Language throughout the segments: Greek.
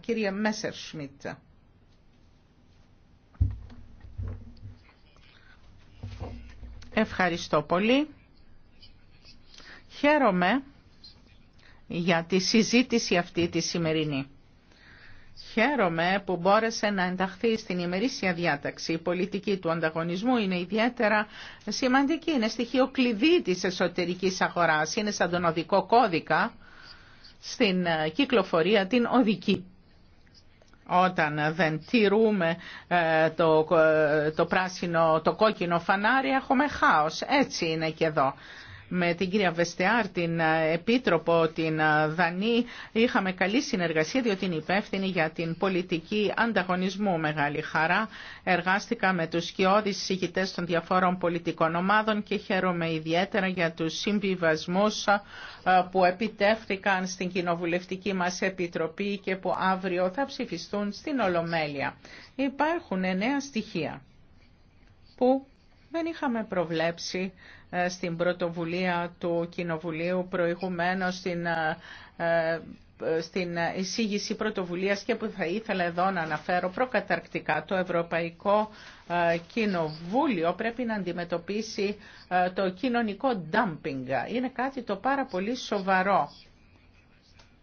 Κύριε Μέσερ Σμιτ. Ευχαριστώ πολύ. Χαίρομαι για τη συζήτηση αυτή τη σημερινή. Χαίρομαι που μπόρεσε να ενταχθεί στην ημερήσια διάταξη. Η πολιτική του ανταγωνισμού είναι ιδιαίτερα σημαντική. Είναι στοιχείο κλειδί της εσωτερικής αγοράς. Είναι σαν τον οδικό κώδικα στην κυκλοφορία την οδική. Όταν δεν τηρούμε ε, το, ε, το, πράσινο, το κόκκινο φανάρι έχουμε χάος. Έτσι είναι και εδώ με την κυρία Βεστεάρ, την ε, Επίτροπο, την ε, Δανή. Είχαμε καλή συνεργασία διότι είναι υπεύθυνη για την πολιτική ανταγωνισμού. Μεγάλη χαρά. Εργάστηκα με τους σκιώδεις συγκητές των διαφόρων πολιτικών ομάδων και χαίρομαι ιδιαίτερα για του συμβιβασμούς ε, που επιτεύχθηκαν στην κοινοβουλευτική μας επιτροπή και που αύριο θα ψηφιστούν στην Ολομέλεια. Υπάρχουν νέα στοιχεία που δεν είχαμε προβλέψει ε, στην πρωτοβουλία του Κοινοβουλίου προηγουμένως στην, ε, ε, στην εισήγηση πρωτοβουλίας και που θα ήθελα εδώ να αναφέρω προκαταρκτικά το Ευρωπαϊκό Κοινοβούλιο πρέπει να αντιμετωπίσει το κοινωνικό ντάμπινγκ. Είναι κάτι το πάρα πολύ σοβαρό.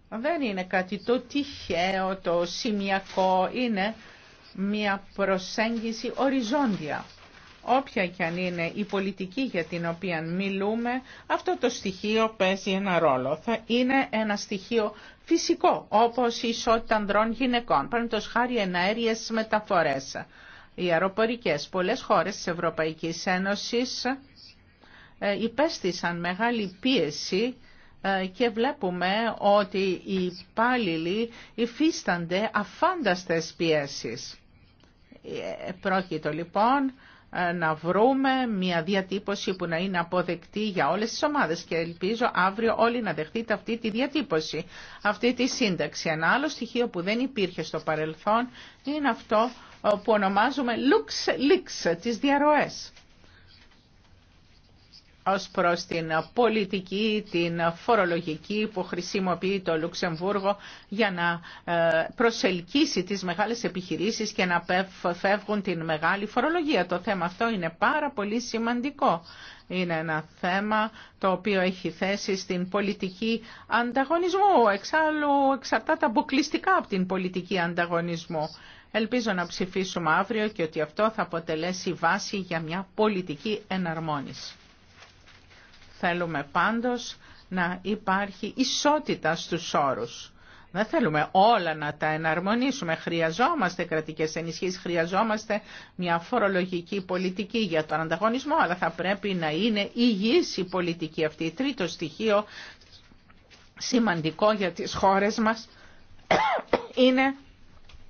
Δεν είναι κάτι το τυχαίο, το σημειακό, είναι μια προσέγγιση οριζόντια Όποια και αν είναι η πολιτική για την οποία μιλούμε, αυτό το στοιχείο παίζει ένα ρόλο. Θα είναι ένα στοιχείο φυσικό, όπως η ισότητα ανδρών γυναικών, παραδείγματος χάρη εναέριες μεταφορές. Οι αεροπορικές πολλές χώρες της Ευρωπαϊκής Ένωσης ε, υπέστησαν μεγάλη πίεση ε, και βλέπουμε ότι οι υπάλληλοι υφίστανται αφάνταστες πιέσεις. Ε, πρόκειτο λοιπόν ε, να βρούμε μια διατύπωση που να είναι αποδεκτή για όλες τις ομάδες και ελπίζω αύριο όλοι να δεχτείτε αυτή τη διατύπωση, αυτή τη σύνταξη. Ένα άλλο στοιχείο που δεν υπήρχε στο παρελθόν είναι αυτό ε, που ονομάζουμε Leaks, τις διαρροές ως προς την πολιτική, την φορολογική που χρησιμοποιεί το Λουξεμβούργο για να ε, προσελκύσει τις μεγάλες επιχειρήσεις και να φεύγουν την μεγάλη φορολογία. Το θέμα αυτό είναι πάρα πολύ σημαντικό. Είναι ένα θέμα το οποίο έχει θέση στην πολιτική ανταγωνισμού. Εξάλλου εξαρτάται αποκλειστικά από την πολιτική ανταγωνισμού. Ελπίζω να ψηφίσουμε αύριο και ότι αυτό θα αποτελέσει βάση για μια πολιτική εναρμόνιση. Θέλουμε πάντως να υπάρχει ισότητα στους όρους. Δεν θέλουμε όλα να τα εναρμονίσουμε. Χρειαζόμαστε κρατικές ενισχύσεις, χρειαζόμαστε μια φορολογική πολιτική για τον ανταγωνισμό, αλλά θα πρέπει να είναι υγιής η πολιτική αυτή. Τρίτο στοιχείο σημαντικό για τις χώρες μας είναι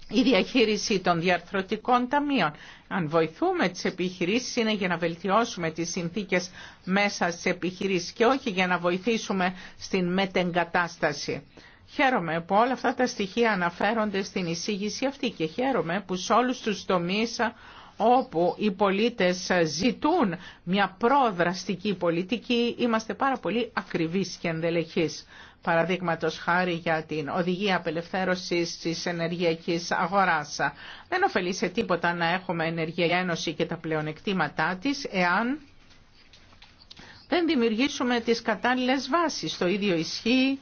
η διαχείριση των διαρθρωτικών ταμείων. Αν βοηθούμε τις επιχειρήσεις είναι για να βελτιώσουμε τις συνθήκες μέσα στις επιχειρήσεις και όχι για να βοηθήσουμε στην μετεγκατάσταση. Χαίρομαι που όλα αυτά τα στοιχεία αναφέρονται στην εισήγηση αυτή και χαίρομαι που σε όλους τους τομείς όπου οι πολίτες ζητούν μια προδραστική πολιτική είμαστε πάρα πολύ ακριβείς και ενδελεχείς παραδείγματος χάρη για την οδηγία απελευθέρωσης της ενεργειακής αγοράς. Δεν ωφελεί σε τίποτα να έχουμε ενεργειακή ένωση και τα πλεονεκτήματά της, εάν δεν δημιουργήσουμε τις κατάλληλες βάσεις. Το ίδιο ισχύει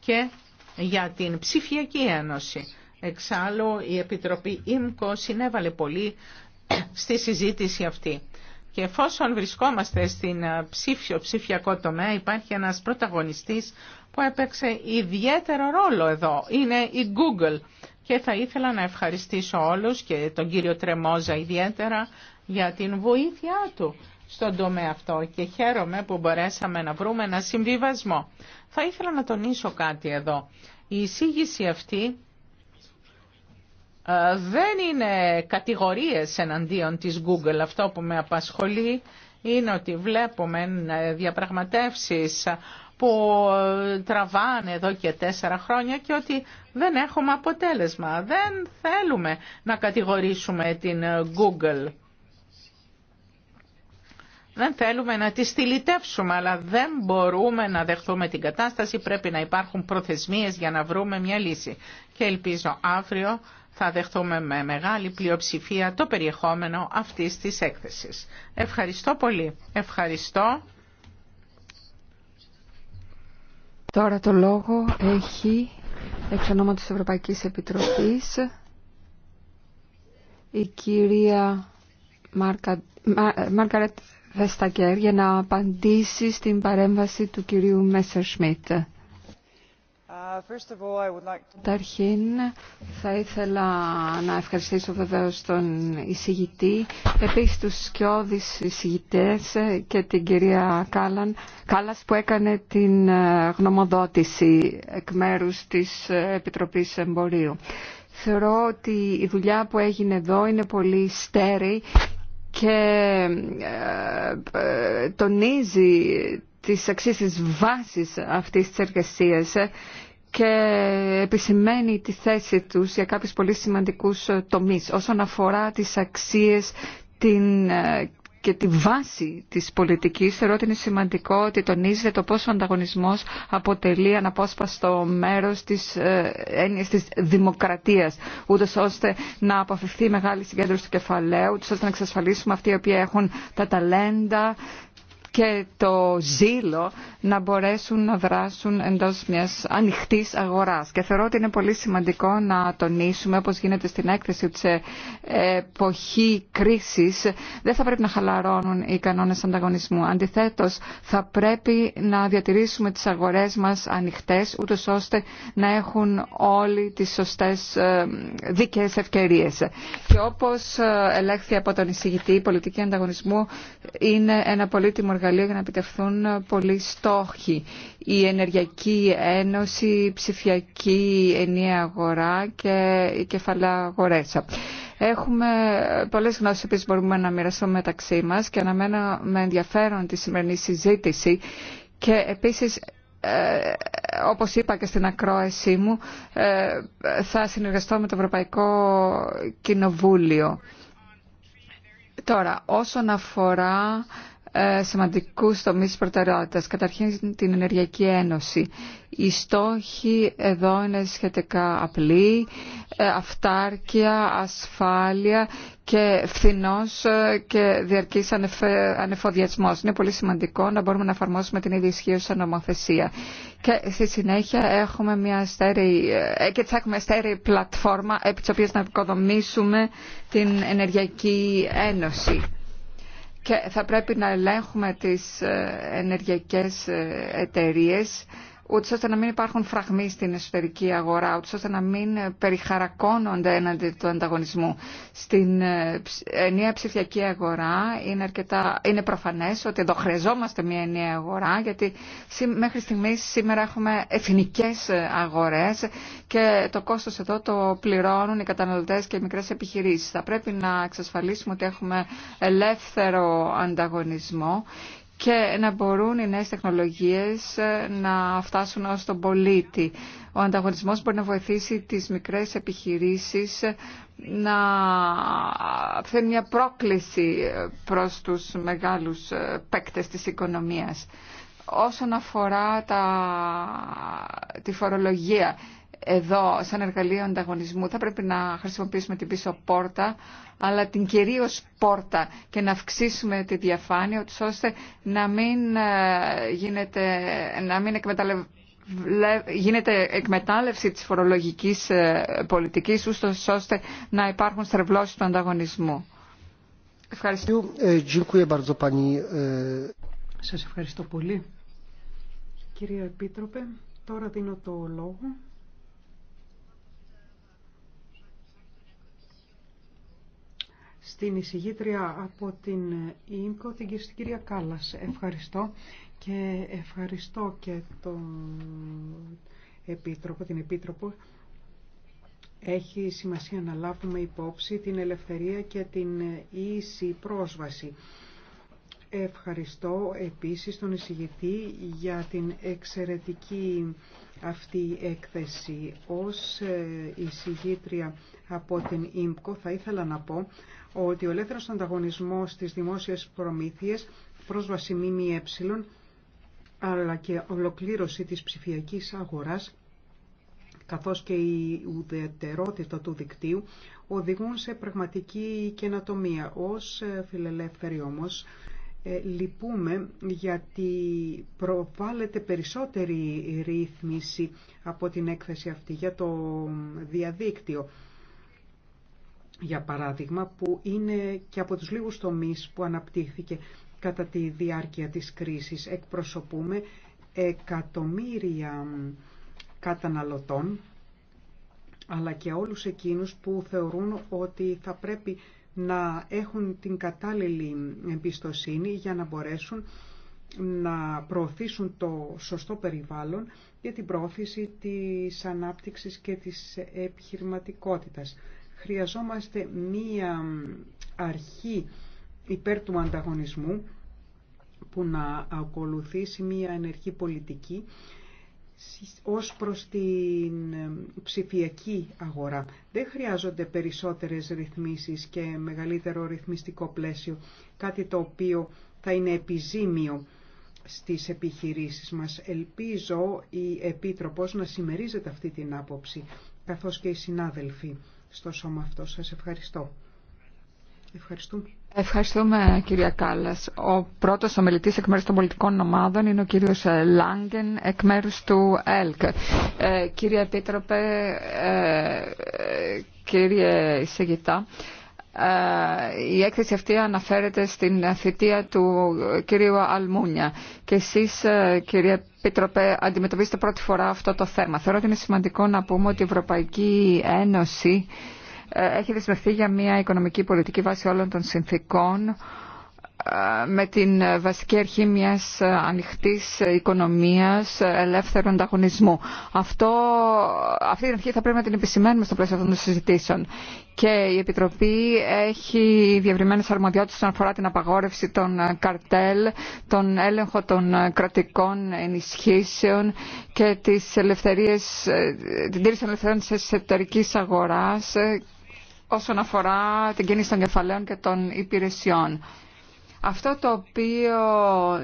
και για την ψηφιακή ένωση. Εξάλλου η Επιτροπή ΙΜΚΟ συνέβαλε πολύ στη συζήτηση αυτή. Και εφόσον βρισκόμαστε στην ε, ψήφιο, ψηφιακό τομέα υπάρχει ένας πρωταγωνιστής που έπαιξε ιδιαίτερο ρόλο εδώ είναι η Google. Και θα ήθελα να ευχαριστήσω όλους και τον κύριο Τρεμόζα ιδιαίτερα για την βοήθειά του στον τομέα αυτό και χαίρομαι που μπορέσαμε να βρούμε ένα συμβιβασμό. Θα ήθελα να τονίσω κάτι εδώ. Η εισήγηση αυτή ε, δεν είναι κατηγορίες εναντίον της Google. Αυτό που με απασχολεί είναι ότι βλέπουμε ε, διαπραγματεύσεις που ε, τραβάνε εδώ και τέσσερα χρόνια και ότι δεν έχουμε αποτέλεσμα. Δεν θέλουμε να κατηγορήσουμε την ε, Google. Δεν θέλουμε να τη στυλιτεύσουμε, αλλά δεν μπορούμε να δεχθούμε την κατάσταση. Πρέπει να υπάρχουν προθεσμίες για να βρούμε μια λύση. Και ελπίζω αύριο θα δεχθούμε με μεγάλη πλειοψηφία το περιεχόμενο αυτής της έκθεσης. Ευχαριστώ πολύ. Ευχαριστώ. Τώρα το λόγο έχει εξ ονόματος της Ευρωπαϊκής Επιτροπής η κυρία Μάρκα, ε, Μάρκαρετ Βεστακέρ για να απαντήσει στην παρέμβαση του κυρίου Μέσσερ Σμιτ. Uh, Καταρχήν θα ήθελα να ευχαριστήσω βεβαίω τον εισηγητή, επίσης τους σκιώδεις εισηγητές και την κυρία Κάλαν, Κάλλας που έκανε την ε, γνωμοδότηση εκ μέρους της ε, Επιτροπής Εμπορίου. Θεωρώ ότι η δουλειά που έγινε εδώ είναι πολύ στέρη και ε, τονίζει τις αξίες της βάσης αυτής της εργασίας και επισημαίνει τη θέση τους για κάποιους πολύ σημαντικούς ε, τομείς όσον αφορά τις αξίες ε, και τη βάση της πολιτικής θεωρώ ότι είναι σημαντικό ότι τονίζεται το πόσο ο ανταγωνισμός αποτελεί αναπόσπαστο μέρος της ε, έννοιας της δημοκρατίας ούτως ώστε να αποφευθεί μεγάλη συγκέντρωση του κεφαλαίου ώστε να εξασφαλίσουμε αυτοί οι οποίοι έχουν τα ταλέντα και το ζήλο να μπορέσουν να δράσουν εντός μιας ανοιχτής αγοράς. Και θεωρώ ότι είναι πολύ σημαντικό να τονίσουμε, όπως γίνεται στην έκθεση ότι σε εποχή κρίσης, δεν θα πρέπει να χαλαρώνουν οι κανόνες ανταγωνισμού. Αντιθέτως, θα πρέπει να διατηρήσουμε τις αγορές μας ανοιχτές, ούτως ώστε να έχουν όλοι τις σωστές ε, δίκαιες ευκαιρίες. Και όπως ε, ελέγχθη από τον εισηγητή, η πολιτική ανταγωνισμού είναι ένα πολύτιμο εργαλείο για να επιτευχθούν πολλοί στόχοι. Η Ενεργειακή Ένωση, η ψηφιακή ενία αγορά και η κεφαλά Έχουμε πολλέ γνώσει που μπορούμε να μοιραστούμε μεταξύ μα και αναμένω με ενδιαφέρον τη σημερινή συζήτηση και επίση, ε, όπως είπα και στην ακρόασή μου, ε, θα συνεργαστώ με το Ευρωπαϊκό Κοινοβούλιο. Τώρα, όσον αφορά ε, σημαντικούς τομείς της προτεραιότητας. Καταρχήν την Ενεργειακή Ένωση. Οι στόχοι εδώ είναι σχετικά απλοί, ε, αυτάρκεια, ασφάλεια και φθηνός ε, και διαρκής ανεφοδιασμός. Είναι πολύ σημαντικό να μπορούμε να εφαρμόσουμε την ίδια ισχύουσα νομοθεσία. Και στη συνέχεια έχουμε μια στέρεη, και έχουμε πλατφόρμα επί της οποίας να οικοδομήσουμε την Ενεργειακή Ένωση και θα πρέπει να ελέγχουμε τις ε, ενεργειακές ε, εταιρείες ούτως ώστε να μην υπάρχουν φραγμοί στην εσωτερική αγορά, ούτως ώστε να μην περιχαρακώνονται έναντι του ανταγωνισμού. Στην ε, ενιαία ψηφιακή αγορά είναι, αρκετά, είναι προφανές ότι εδώ χρειαζόμαστε μια ενιαία αγορά, γιατί μέχρι στιγμής σήμερα έχουμε εθνικές ε, αγορές και το κόστος εδώ το πληρώνουν οι καταναλωτές και οι μικρές επιχειρήσεις. Θα πρέπει να εξασφαλίσουμε ότι έχουμε ελεύθερο ανταγωνισμό και να μπορούν οι νέες τεχνολογίες ε, να φτάσουν ως τον πολίτη. Ο ανταγωνισμός μπορεί να βοηθήσει τις μικρές επιχειρήσεις ε, να φέρει μια πρόκληση ε, προς τους μεγάλους παίκτες της οικονομίας. Όσον αφορά τα... τη φορολογία, εδώ σαν εργαλείο ανταγωνισμού. Θα πρέπει να χρησιμοποιήσουμε την πίσω πόρτα, αλλά την κυρίω πόρτα και να αυξήσουμε τη διαφάνεια, ώστε να μην, ε, γίνεται, να μην γίνεται εκμετάλλευση της φορολογικής ε, πολιτικής, ώστε να υπάρχουν στρεβλώσεις του ανταγωνισμού. Ευχαριστώ. Ε, Σας ευχαριστώ πολύ. Κυρία Επίτροπε, τώρα δίνω το λόγο την εισηγήτρια από την ΙΜΚΟ, την κυρία Κάλλας. Ευχαριστώ και ευχαριστώ και τον Επίτροπο, την Επίτροπο. Έχει σημασία να λάβουμε υπόψη την ελευθερία και την ίση πρόσβαση. Ευχαριστώ επίσης τον εισηγητή για την εξαιρετική αυτή έκθεση. Ως εισηγήτρια από την ΙΜΚΟ θα ήθελα να πω ότι ο ελεύθερος ανταγωνισμός στις δημόσιες προμήθειες, πρόσβαση ΜΜΕ, αλλά και ολοκλήρωση της ψηφιακής αγοράς, καθώς και η ουδετερότητα του δικτύου, οδηγούν σε πραγματική καινοτομία. Ως ε, φιλελεύθεροι όμως, ε, λυπούμε γιατί προβάλλεται περισσότερη ρύθμιση από την έκθεση αυτή για το διαδίκτυο για παράδειγμα, που είναι και από τους λίγους τομείς που αναπτύχθηκε κατά τη διάρκεια της κρίσης. Εκπροσωπούμε εκατομμύρια καταναλωτών, αλλά και όλους εκείνους που θεωρούν ότι θα πρέπει να έχουν την κατάλληλη εμπιστοσύνη για να μπορέσουν να προωθήσουν το σωστό περιβάλλον για την προώθηση της ανάπτυξης και της επιχειρηματικότητας. Χρειαζόμαστε μία αρχή υπέρ του ανταγωνισμού που να ακολουθήσει μία ενεργή πολιτική ως προς την ψηφιακή αγορά. Δεν χρειάζονται περισσότερες ρυθμίσεις και μεγαλύτερο ρυθμιστικό πλαίσιο, κάτι το οποίο θα είναι επιζήμιο στις επιχειρήσεις μας. Ελπίζω η Επίτροπος να συμμερίζεται αυτή την άποψη, καθώς και οι συνάδελφοι στο σώμα αυτό. Σας ευχαριστώ. Ευχαριστούμε. Ευχαριστούμε κυρία Κάλλας. Ο πρώτος ομιλητής εκ μέρους των πολιτικών ομάδων είναι ο κύριος ε, Λάγκεν εκ μέρους του ΕΛΚ. Ε, κύριε Επίτροπε, ε, κύριε Σεγητά, ε, η έκθεση αυτή αναφέρεται στην θητεία του κυρίου Αλμούνια και εσείς ε, κύριε Πίτροπε αντιμετωπίσετε πρώτη φορά αυτό το θέμα. Θεωρώ ότι είναι σημαντικό να πούμε ότι η Ευρωπαϊκή Ένωση ε, έχει δεσμευτεί για μια οικονομική πολιτική βάση όλων των συνθήκων με την βασική αρχή μιας ανοιχτής οικονομίας ελεύθερου ανταγωνισμού. Αυτό, αυτή την αρχή θα πρέπει να την επισημαίνουμε στο πλαίσιο αυτών των συζητήσεων. Και η Επιτροπή έχει διευρυμένες αρμοδιότητες όσον αφορά την απαγόρευση των καρτέλ, τον έλεγχο των κρατικών ενισχύσεων και τις ελευθερίες, την τήρηση των ελευθεριών της εσωτερικής αγοράς ε, όσον αφορά την κίνηση των κεφαλαίων και των υπηρεσιών. Αυτό το οποίο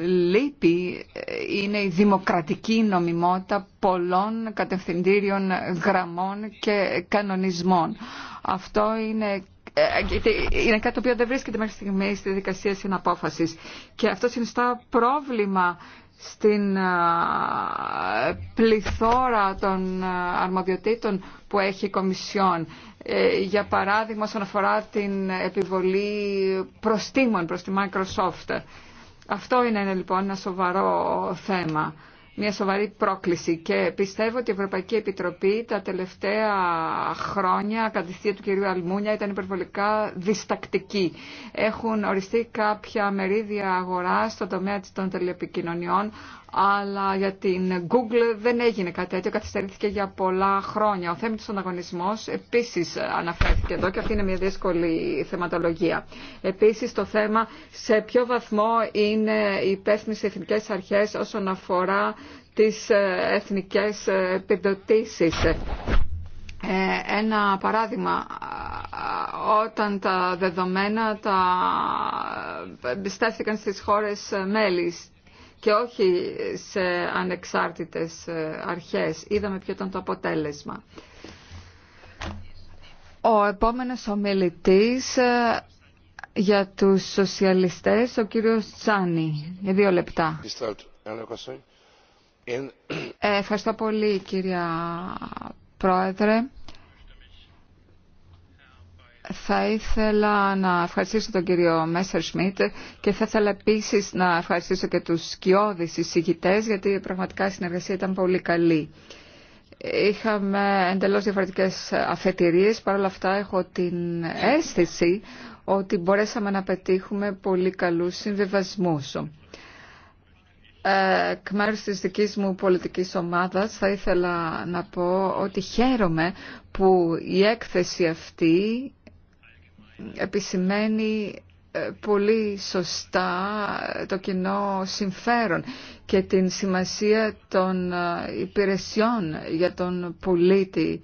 λείπει ε, είναι η δημοκρατική νομιμότητα πολλών κατευθυντήριων γραμμών και κανονισμών. Αυτό είναι ε, ε, είναι κάτι το οποίο δεν βρίσκεται μέχρι στιγμή στη δικασία συναπόφασης Και αυτό συνιστά πρόβλημα στην πληθώρα των αρμοδιοτήτων που έχει η Κομισιόν. Ε, για παράδειγμα, όσον αφορά την επιβολή προστήμων προς τη Microsoft. Αυτό είναι λοιπόν ένα σοβαρό θέμα μια σοβαρή πρόκληση και πιστεύω ότι η Ευρωπαϊκή Επιτροπή τα τελευταία χρόνια, κατηστία του κυρίου Αλμούνια, ήταν υπερβολικά διστακτική. Έχουν οριστεί κάποια μερίδια αγορά στον τομέα των τηλεπικοινωνιών αλλά για την Google δεν έγινε κάτι τέτοιο, καθυστερήθηκε για πολλά χρόνια. Ο θέμητος ανταγωνισμός επίσης αναφέρθηκε εδώ και αυτή είναι μια δύσκολη θεματολογία. Επίσης το θέμα σε ποιο βαθμό είναι οι υπεύθυνες εθνικές αρχές όσον αφορά τις ε, εθνικές ε, επιδοτήσεις. Ε, ένα παράδειγμα, όταν τα δεδομένα τα εμπιστεύτηκαν στις χώρες μέλη, και όχι σε ανεξάρτητες ε, αρχές. Είδαμε ποιο ήταν το αποτέλεσμα. Ο επόμενος ομιλητής ε, για τους σοσιαλιστές, ο κύριος Τσάνι, για δύο λεπτά. Ε, ευχαριστώ πολύ κυρία Πρόεδρε. Θα ήθελα να ευχαριστήσω τον κύριο Μέσσερ Σμιτ και θα ήθελα επίση να ευχαριστήσω και τους σκιώδεις εισηγητές γιατί πραγματικά η συνεργασία ήταν πολύ καλή. Είχαμε εντελώς διαφορετικές αφετηρίες, παρ' όλα αυτά έχω την αίσθηση ότι μπορέσαμε να πετύχουμε πολύ καλούς συμβιβασμούς. Ε, εκ μέρους της δικής μου πολιτικής ομάδας θα ήθελα να πω ότι χαίρομαι που η έκθεση αυτή επισημαίνει ε, πολύ σωστά ε, το κοινό συμφέρον και την σημασία των ε, υπηρεσιών για τον πολίτη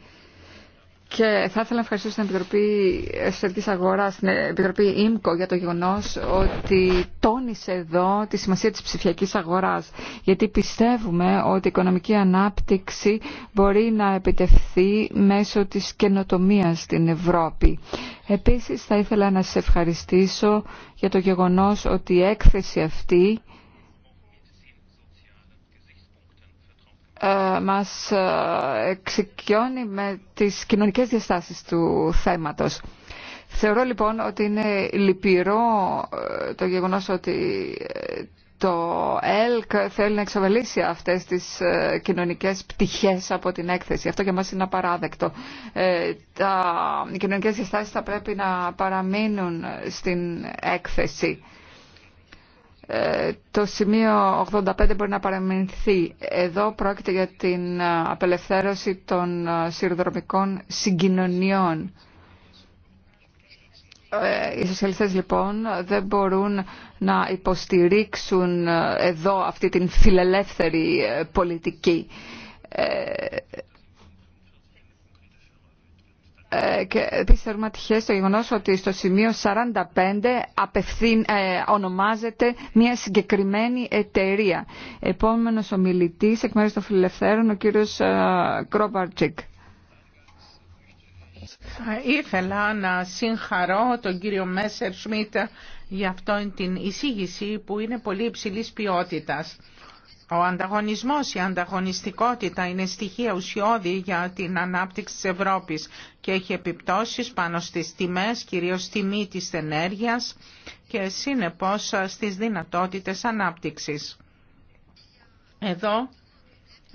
και θα ήθελα να ευχαριστήσω την Επιτροπή Εσωτερική Αγορά, την Επιτροπή ΙΜΚΟ για το γεγονό ότι τόνισε εδώ τη σημασία τη ψηφιακή αγορά. Γιατί πιστεύουμε ότι η οικονομική ανάπτυξη μπορεί να επιτευχθεί μέσω τη καινοτομία στην Ευρώπη. Επίση, θα ήθελα να σα ευχαριστήσω για το γεγονό ότι η έκθεση αυτή Ε, μας ε, εξοικειώνει με τις κοινωνικές διαστάσεις του θέματος. Θεωρώ λοιπόν ότι είναι λυπηρό ε, το γεγονός ότι το ΕΛΚ θέλει να εξοβελήσει αυτές τις κοινωνικές πτυχές από την έκθεση. Αυτό για μας είναι απαράδεκτο. τα, κοινωνικές διαστάσεις θα πρέπει να παραμείνουν στην έκθεση. Ε, το σημείο 85 μπορεί να παραμεινθεί. Εδώ πρόκειται για την ε, απελευθέρωση των ε, σειροδρομικών συγκοινωνιών. Οι σοσιαλιστές λοιπόν δεν μπορούν να υποστηρίξουν εδώ αυτή την φιλελεύθερη πολιτική. Ε, και επίσης θεωρούμε το γεγονός ότι στο σημείο 45 απευθύν, ε, ονομάζεται μια συγκεκριμένη εταιρεία. Επόμενος ομιλητής εκ μέρους των φιλελευθέρων, ο κύριος ε, Κρόπαρτσικ. Θα ήθελα να συγχαρώ τον κύριο Μέσερ Σμιτ για αυτόν την εισήγηση που είναι πολύ υψηλής ποιότητας. Ο ανταγωνισμός, η ανταγωνιστικότητα είναι στοιχεία ουσιώδη για την ανάπτυξη της Ευρώπης και έχει επιπτώσεις πάνω στις τιμές, κυρίως τιμή της ενέργειας και σύνεπώς στις δυνατότητες ανάπτυξης. Εδώ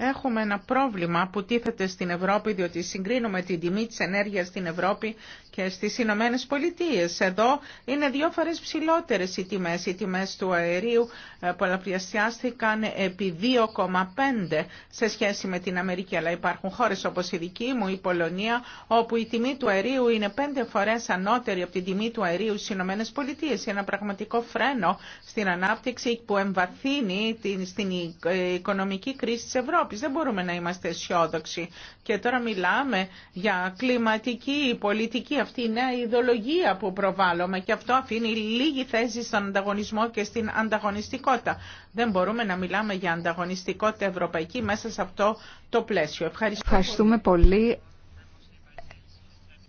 Έχουμε ένα πρόβλημα που τίθεται στην Ευρώπη, διότι συγκρίνουμε την τιμή της ενέργειας στην Ευρώπη και στις Ηνωμένε Πολιτείε. Εδώ είναι δύο φορές ψηλότερες οι τιμές. Οι τιμές του αερίου ε, πολλαπλασιάστηκαν επί 2,5 σε σχέση με την Αμερική. Αλλά υπάρχουν χώρες όπως η δική μου, η Πολωνία, όπου η τιμή του αερίου είναι πέντε φορές ανώτερη από την τιμή του αερίου στις Ηνωμένε Πολιτείε. Ένα πραγματικό φρένο στην ανάπτυξη που εμβαθύνει στην ε, οικονομική κρίση της Ευρώπης. Δεν μπορούμε να είμαστε αισιόδοξοι. Και τώρα μιλάμε για κλιματική πολιτική αυτή η νέα ιδεολογία που προβάλλουμε και αυτό αφήνει λίγη θέση στον ανταγωνισμό και στην ανταγωνιστικότητα. Δεν μπορούμε να μιλάμε για ανταγωνιστικότητα ευρωπαϊκή μέσα σε αυτό το πλαίσιο. Ευχαριστώ. Ευχαριστούμε πολύ.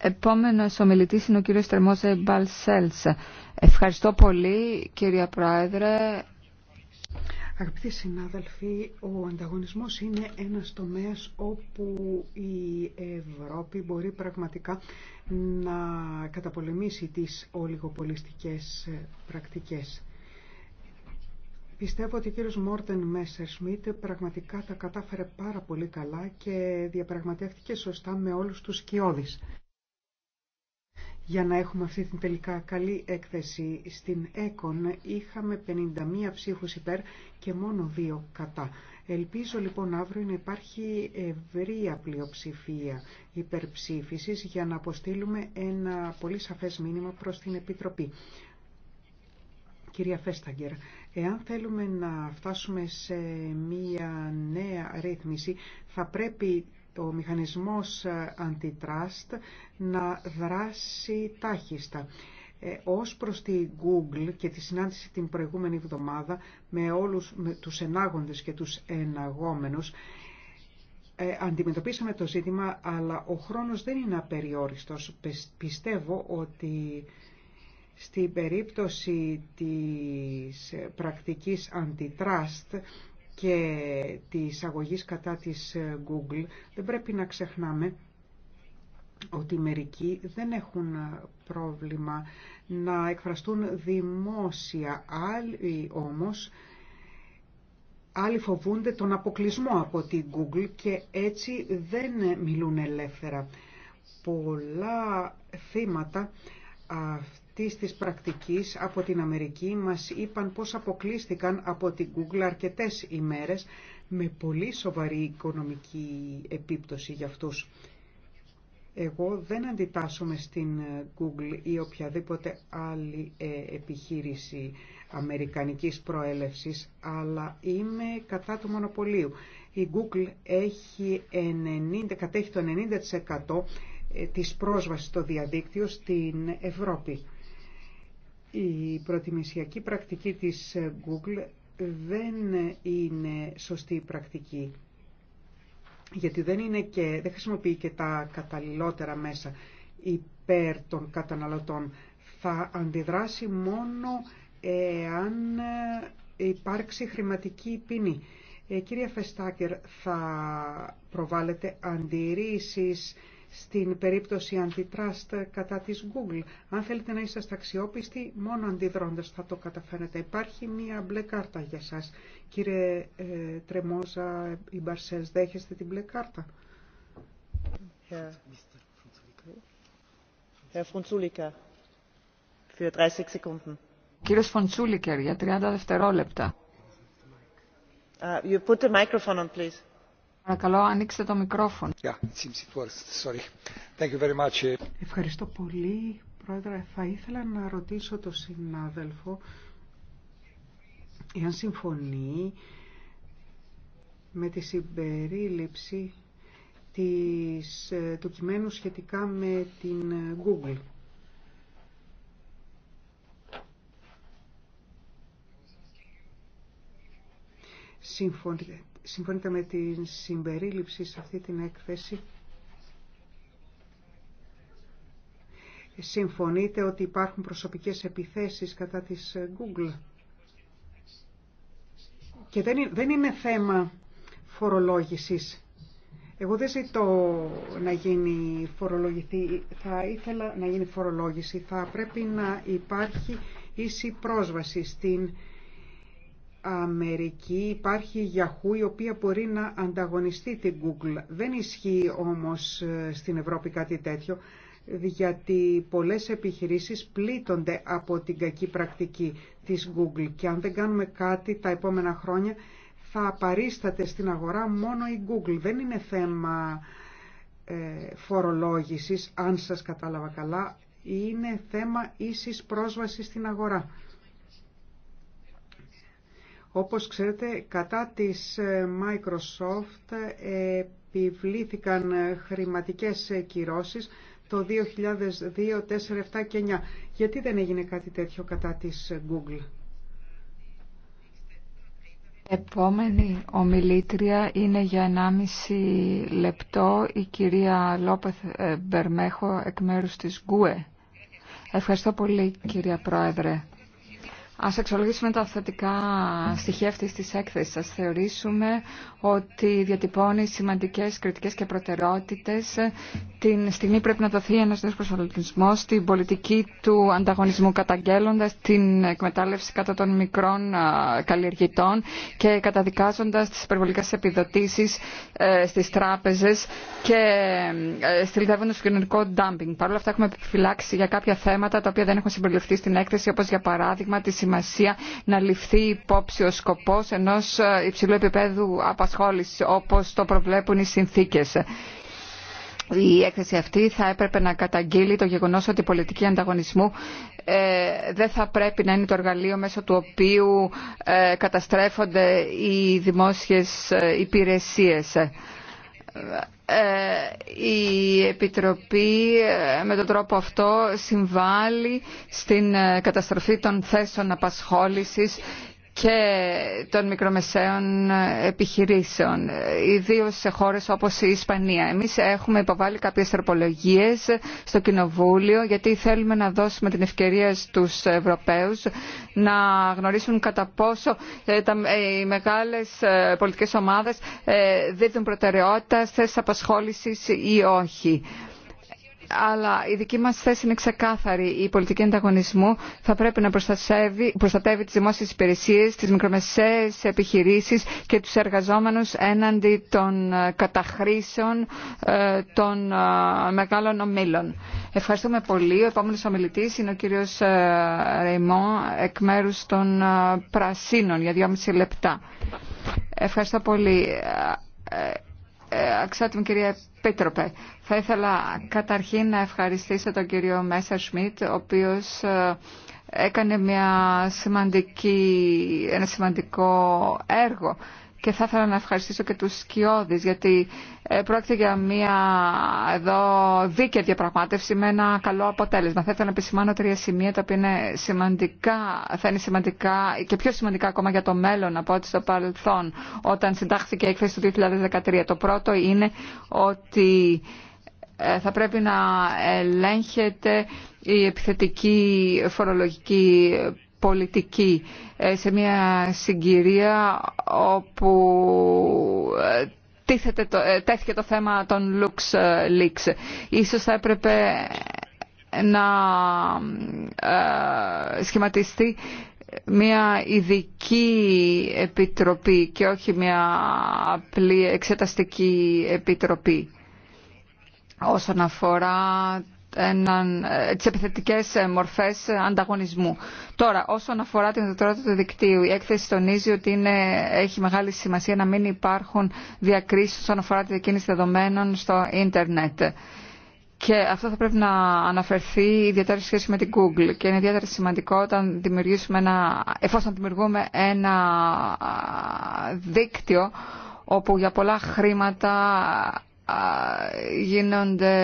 Επόμενος ομιλητής είναι ο κύριος Τερμόζε Μπαλσέλς. Ευχαριστώ πολύ κυρία Πρόεδρε. Αγαπητοί συνάδελφοι, ο ανταγωνισμός είναι ένας τομέας όπου η Ευρώπη μπορεί πραγματικά να καταπολεμήσει τις ολιγοπολιστικές πρακτικές. Πιστεύω ότι ο κύριος Μόρτεν Μέσσερ Σμίτ πραγματικά τα κατάφερε πάρα πολύ καλά και διαπραγματεύτηκε σωστά με όλους τους σκιώδεις για να έχουμε αυτή την τελικά καλή έκθεση στην ΕΚΟΝ είχαμε 51 ψήφους υπέρ και μόνο 2 κατά. Ελπίζω λοιπόν αύριο να υπάρχει ευρία πλειοψηφία υπερψήφισης για να αποστείλουμε ένα πολύ σαφές μήνυμα προς την Επιτροπή. Κυρία Φέσταγκερ, εάν θέλουμε να φτάσουμε σε μία νέα ρύθμιση, θα πρέπει το μηχανισμός αντιτράστ ε, να δράσει τάχιστα. Ε, ως προς τη Google και τη συνάντηση την προηγούμενη εβδομάδα με όλους τους ενάγοντες και τους εναγόμενους, ε, αντιμετωπίσαμε το ζήτημα, αλλά ο χρόνος δεν είναι απεριόριστος. Πιστεύω ότι στην περίπτωση της ε, πρακτικής αντιτράστ και της αγωγής κατά της ε, Google, δεν πρέπει να ξεχνάμε ότι μερικοί δεν έχουν ε, πρόβλημα να εκφραστούν δημόσια, άλλοι όμως Άλλοι φοβούνται τον αποκλεισμό από την Google και έτσι δεν ε, μιλούν ελεύθερα. Πολλά θύματα αυτής της πρακτικής από την Αμερική μας είπαν πως αποκλείστηκαν από την Google αρκετές ημέρες με πολύ σοβαρή οικονομική επίπτωση για αυτούς. Εγώ δεν αντιτάσσομαι στην Google ή οποιαδήποτε άλλη ε, επιχείρηση αμερικανικής προέλευσης, αλλά είμαι κατά του μονοπωλίου. Η Google έχει 90, κατέχει το 90% ε, της πρόσβασης στο διαδίκτυο στην Ευρώπη. Η προτιμησιακή πρακτική της Google δεν είναι σωστή πρακτική γιατί δεν, είναι και, δεν χρησιμοποιεί και τα καταλληλότερα μέσα υπέρ των καταναλωτών. Θα αντιδράσει μόνο εάν υπάρξει χρηματική ποινή. Ε, κυρία Φεστάκερ, θα προβάλλετε αντιρρήσεις στην περίπτωση αντιτράστ κατά της Google. Αν θέλετε να είσαστε αξιόπιστοι, μόνο αντιδρώντας θα το καταφέρετε. Υπάρχει μία μπλε κάρτα για σας. Κύριε ε, Τρεμόζα, η Μπαρσέλς, δέχεστε την μπλε κάρτα. Κύριε Herr Φοντσούλικερ, για 30 δευτερόλεπτα. Uh, you put the microphone on, please. Παρακαλώ, ανοίξτε το μικρόφωνο. Ευχαριστώ πολύ, Πρόεδρε. Θα ήθελα να ρωτήσω τον συνάδελφο εάν συμφωνεί με τη συμπερίληψη της, ε, του κειμένου σχετικά με την Google. συμφωνείτε, με την συμπερίληψη σε αυτή την έκθεση. Συμφωνείτε ότι υπάρχουν προσωπικές επιθέσεις κατά της Google. Και δεν, δεν είναι θέμα φορολόγησης. Εγώ δεν ζητώ να γίνει φορολογηθή, θα ήθελα να γίνει φορολόγηση. Θα πρέπει να υπάρχει ίση πρόσβαση στην Αμερική υπάρχει Yahoo η οποία μπορεί να ανταγωνιστεί την Google. Δεν ισχύει όμως ε, στην Ευρώπη κάτι τέτοιο γιατί πολλές επιχειρήσεις πλήττονται από την κακή πρακτική της Google και αν δεν κάνουμε κάτι τα επόμενα χρόνια θα απαρίσταται στην αγορά μόνο η Google. Δεν είναι θέμα ε, φορολόγησης, αν σας κατάλαβα καλά, είναι θέμα ίσης πρόσβασης στην αγορά. Όπως ξέρετε, κατά της ε, Microsoft ε, επιβλήθηκαν ε, χρηματικές κυρώσεις το 2002, 2004, 2007 και 2009. Γιατί δεν έγινε κάτι τέτοιο κατά της Google. Επόμενη ομιλήτρια είναι για 1,5 λεπτό η κυρία Λόπεθ Μπερμέχο εκ μέρους της ΓΚΟΕ. Ευχαριστώ πολύ κυρία Πρόεδρε. Α εξολογήσουμε τα θετικά στοιχεία αυτή τη έκθεση. Ας θεωρήσουμε ότι διατυπώνει σημαντικές κριτικές και προτεραιότητες. Την στιγμή πρέπει να δοθεί ένας νέος προσανατολισμός στην πολιτική του ανταγωνισμού καταγγέλλοντας την εκμετάλλευση κατά των μικρών καλλιεργητών και καταδικάζοντας τις υπερβολικές επιδοτήσεις ε, στις τράπεζες και ε, στριλτεύοντα το κοινωνικό ντάμπινγκ. Παρ' όλα αυτά έχουμε επιφυλάξει για κάποια θέματα τα οποία δεν έχουν συμπεριληφθεί στην έκθεση όπως για παράδειγμα τη σημασία να ληφθεί υπόψη ο σκοπός ενός υψηλού επίπεδου απασχόλησης όπως το προβλέπουν οι συνθήκες. Η έκθεση αυτή θα έπρεπε να καταγγείλει το γεγονός ότι η πολιτική ανταγωνισμού ε, δεν θα πρέπει να είναι το εργαλείο μέσω του οποίου ε, καταστρέφονται οι δημόσιες ε, υπηρεσίες ε, η Επιτροπή ε, με τον τρόπο αυτό συμβάλλει στην ε, καταστροφή των θέσεων απασχόλησης και των μικρομεσαίων επιχειρήσεων, ιδίω σε χώρες όπως η Ισπανία. Εμείς έχουμε υποβάλει κάποιες τροπολογίε στο Κοινοβούλιο γιατί θέλουμε να δώσουμε την ευκαιρία στους Ευρωπαίους να γνωρίσουν κατά πόσο ε, ε, οι μεγάλες ε, πολιτικές ομάδες δίδουν προτεραιότητα στις απασχόληση ή όχι αλλά η δική μας θέση είναι ξεκάθαρη. Η πολιτική ανταγωνισμού θα πρέπει να προστατεύει, προστατεύει τις δημόσιες υπηρεσίες, τις μικρομεσαίες επιχειρήσεις και τους εργαζόμενους έναντι των ε, καταχρήσεων ε, των ε, μεγάλων ομίλων. Ευχαριστούμε πολύ. Ο επόμενος ομιλητής είναι ο κύριος Ρεϊμό εκ μέρους των Πρασίνων για δυόμιση λεπτά. Ευχαριστώ πολύ ε, αξιότιμη κυρία Πίτροπε, θα ήθελα καταρχήν να ευχαριστήσω τον κύριο Μέσσερ Σμιτ, ο οποίος ε, έκανε μια σημαντική, ένα σημαντικό έργο και θα ήθελα να ευχαριστήσω και τους σκιώδεις γιατί ε, πρόκειται για μια εδώ δίκαια διαπραγμάτευση με ένα καλό αποτέλεσμα. Θα ήθελα να επισημάνω τρία σημεία τα οποία σημαντικά, θα είναι σημαντικά και πιο σημαντικά ακόμα για το μέλλον από ό,τι στο παρελθόν όταν συντάχθηκε η έκθεση του 2013. Το πρώτο είναι ότι ε, θα πρέπει να ελέγχεται η επιθετική φορολογική πολιτική ε, σε μια συγκυρία όπου ε, το, ε, τέθηκε το θέμα των Lux Leaks. Ίσως θα έπρεπε να σχηματιστεί μια ειδική επιτροπή και όχι μια απλή εξεταστική επιτροπή όσον αφορά ε, τι επιθετικέ ε, μορφέ ε, ανταγωνισμού. Τώρα, όσον αφορά την ιδιωτικότητα του δικτύου, η έκθεση τονίζει ότι είναι, έχει μεγάλη σημασία να μην υπάρχουν διακρίσει όσον αφορά τη διακίνηση δεδομένων στο ίντερνετ. Και αυτό θα πρέπει να αναφερθεί ιδιαίτερα σχέση με την Google και είναι ιδιαίτερα σημαντικό όταν εφόσον δημιουργούμε ένα δίκτυο όπου για πολλά χρήματα γίνονται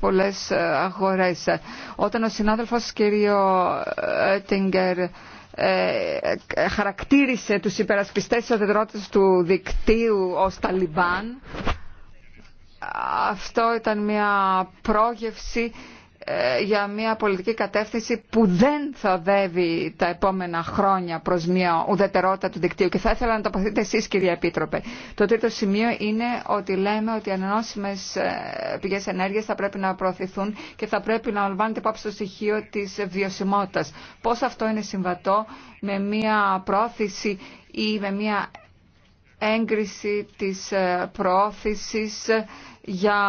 πολλές ε, αγορές. Όταν ο συνάδελφος κύριο Έτιγκερ ε, χαρακτήρισε τους υπερασπιστές της οδεδρότητας του δικτύου ως Ταλιμπάν, αυτό ήταν μια πρόγευση ε, για μια πολιτική κατεύθυνση που δεν θα οδεύει τα επόμενα χρόνια προς μια ουδετερότητα του δικτύου. Και θα ήθελα να το αποθείτε εσείς κυρία Επίτροπε. Το τρίτο σημείο είναι ότι λέμε ότι οι ανανόσιμες ε, πηγές ενέργειας θα πρέπει να προωθηθούν και θα πρέπει να λαμβάνεται υπόψη το στοιχείο της βιωσιμότητας. Πώς αυτό είναι συμβατό με μια πρόθεση ή με μια έγκριση της ε, προώθησης για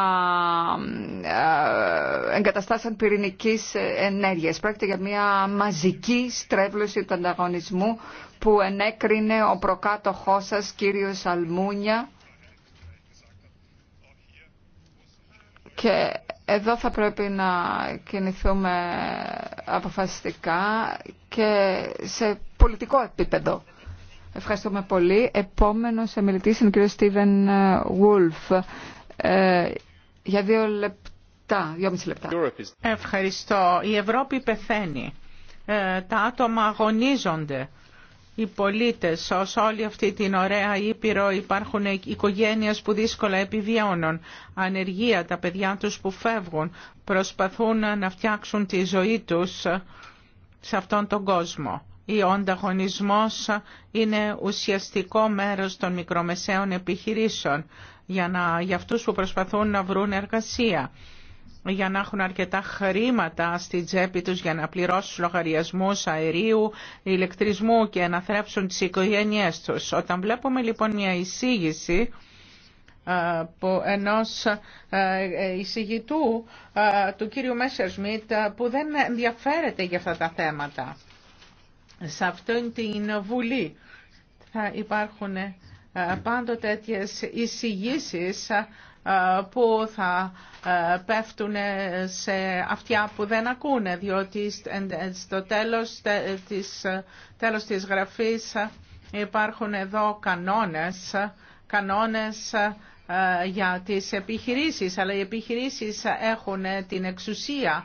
ε, εγκαταστάσεις πυρηνικής ενέργειας. Πρόκειται για μια μαζική στρέβλωση του ανταγωνισμού που ενέκρινε ο προκάτοχός σας, κύριος Αλμούνια. Και εδώ θα πρέπει να κινηθούμε αποφασιστικά και σε πολιτικό επίπεδο. Ευχαριστούμε πολύ. Επόμενος εμιλητής είναι ο κύριος Στίβεν Βούλφ ε, για δύο λεπτά, δύο μισή λεπτά. Ευχαριστώ. Η Ευρώπη πεθαίνει. Ε, τα άτομα αγωνίζονται. Οι πολίτες, ως όλη αυτή την ωραία Ήπειρο υπάρχουν οικογένειες που δύσκολα επιβιώνουν, ανεργία, τα παιδιά τους που φεύγουν, προσπαθούν να φτιάξουν τη ζωή τους σε αυτόν τον κόσμο ο ανταγωνισμός είναι ουσιαστικό μέρος των μικρομεσαίων επιχειρήσεων για, να, για αυτούς που προσπαθούν να βρουν εργασία για να έχουν αρκετά χρήματα στη τσέπη τους για να πληρώσουν λογαριασμούς αερίου, ηλεκτρισμού και να θρέψουν τις οικογένειές τους. Όταν βλέπουμε λοιπόν μια εισήγηση ε, που ενός ε, εισηγητού ε, του κύριου Μέσσερ Σμιτ που δεν ενδιαφέρεται για αυτά τα θέματα σε αυτήν την Βουλή. Θα υπάρχουν ε, πάντοτε τέτοιες εισηγήσει ε, που θα ε, πέφτουν σε αυτιά που δεν ακούνε, διότι στο τέλος της, τέλος της γραφής υπάρχουν εδώ κανόνες, κανόνες για τις επιχειρήσεις, αλλά οι επιχειρήσεις έχουν την εξουσία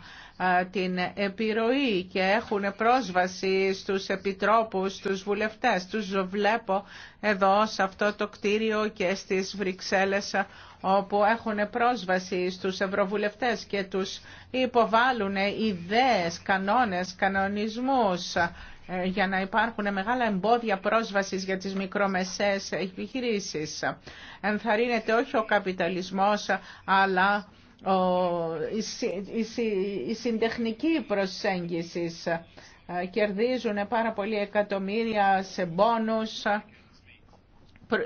την επιρροή και έχουν πρόσβαση στους επιτρόπους, στους βουλευτές. Τους βλέπω εδώ σε αυτό το κτίριο και στις Βρυξέλλες όπου έχουν πρόσβαση στους ευρωβουλευτές και τους υποβάλλουν ιδέες, κανόνες, κανονισμούς για να υπάρχουν μεγάλα εμπόδια πρόσβασης για τις μικρομεσαίες επιχειρήσεις. Ενθαρρύνεται όχι ο καπιταλισμός, αλλά η συντεχνική προσέγγιση ε, κερδίζουν πάρα πολλοί εκατομμύρια σε μπόνους ε,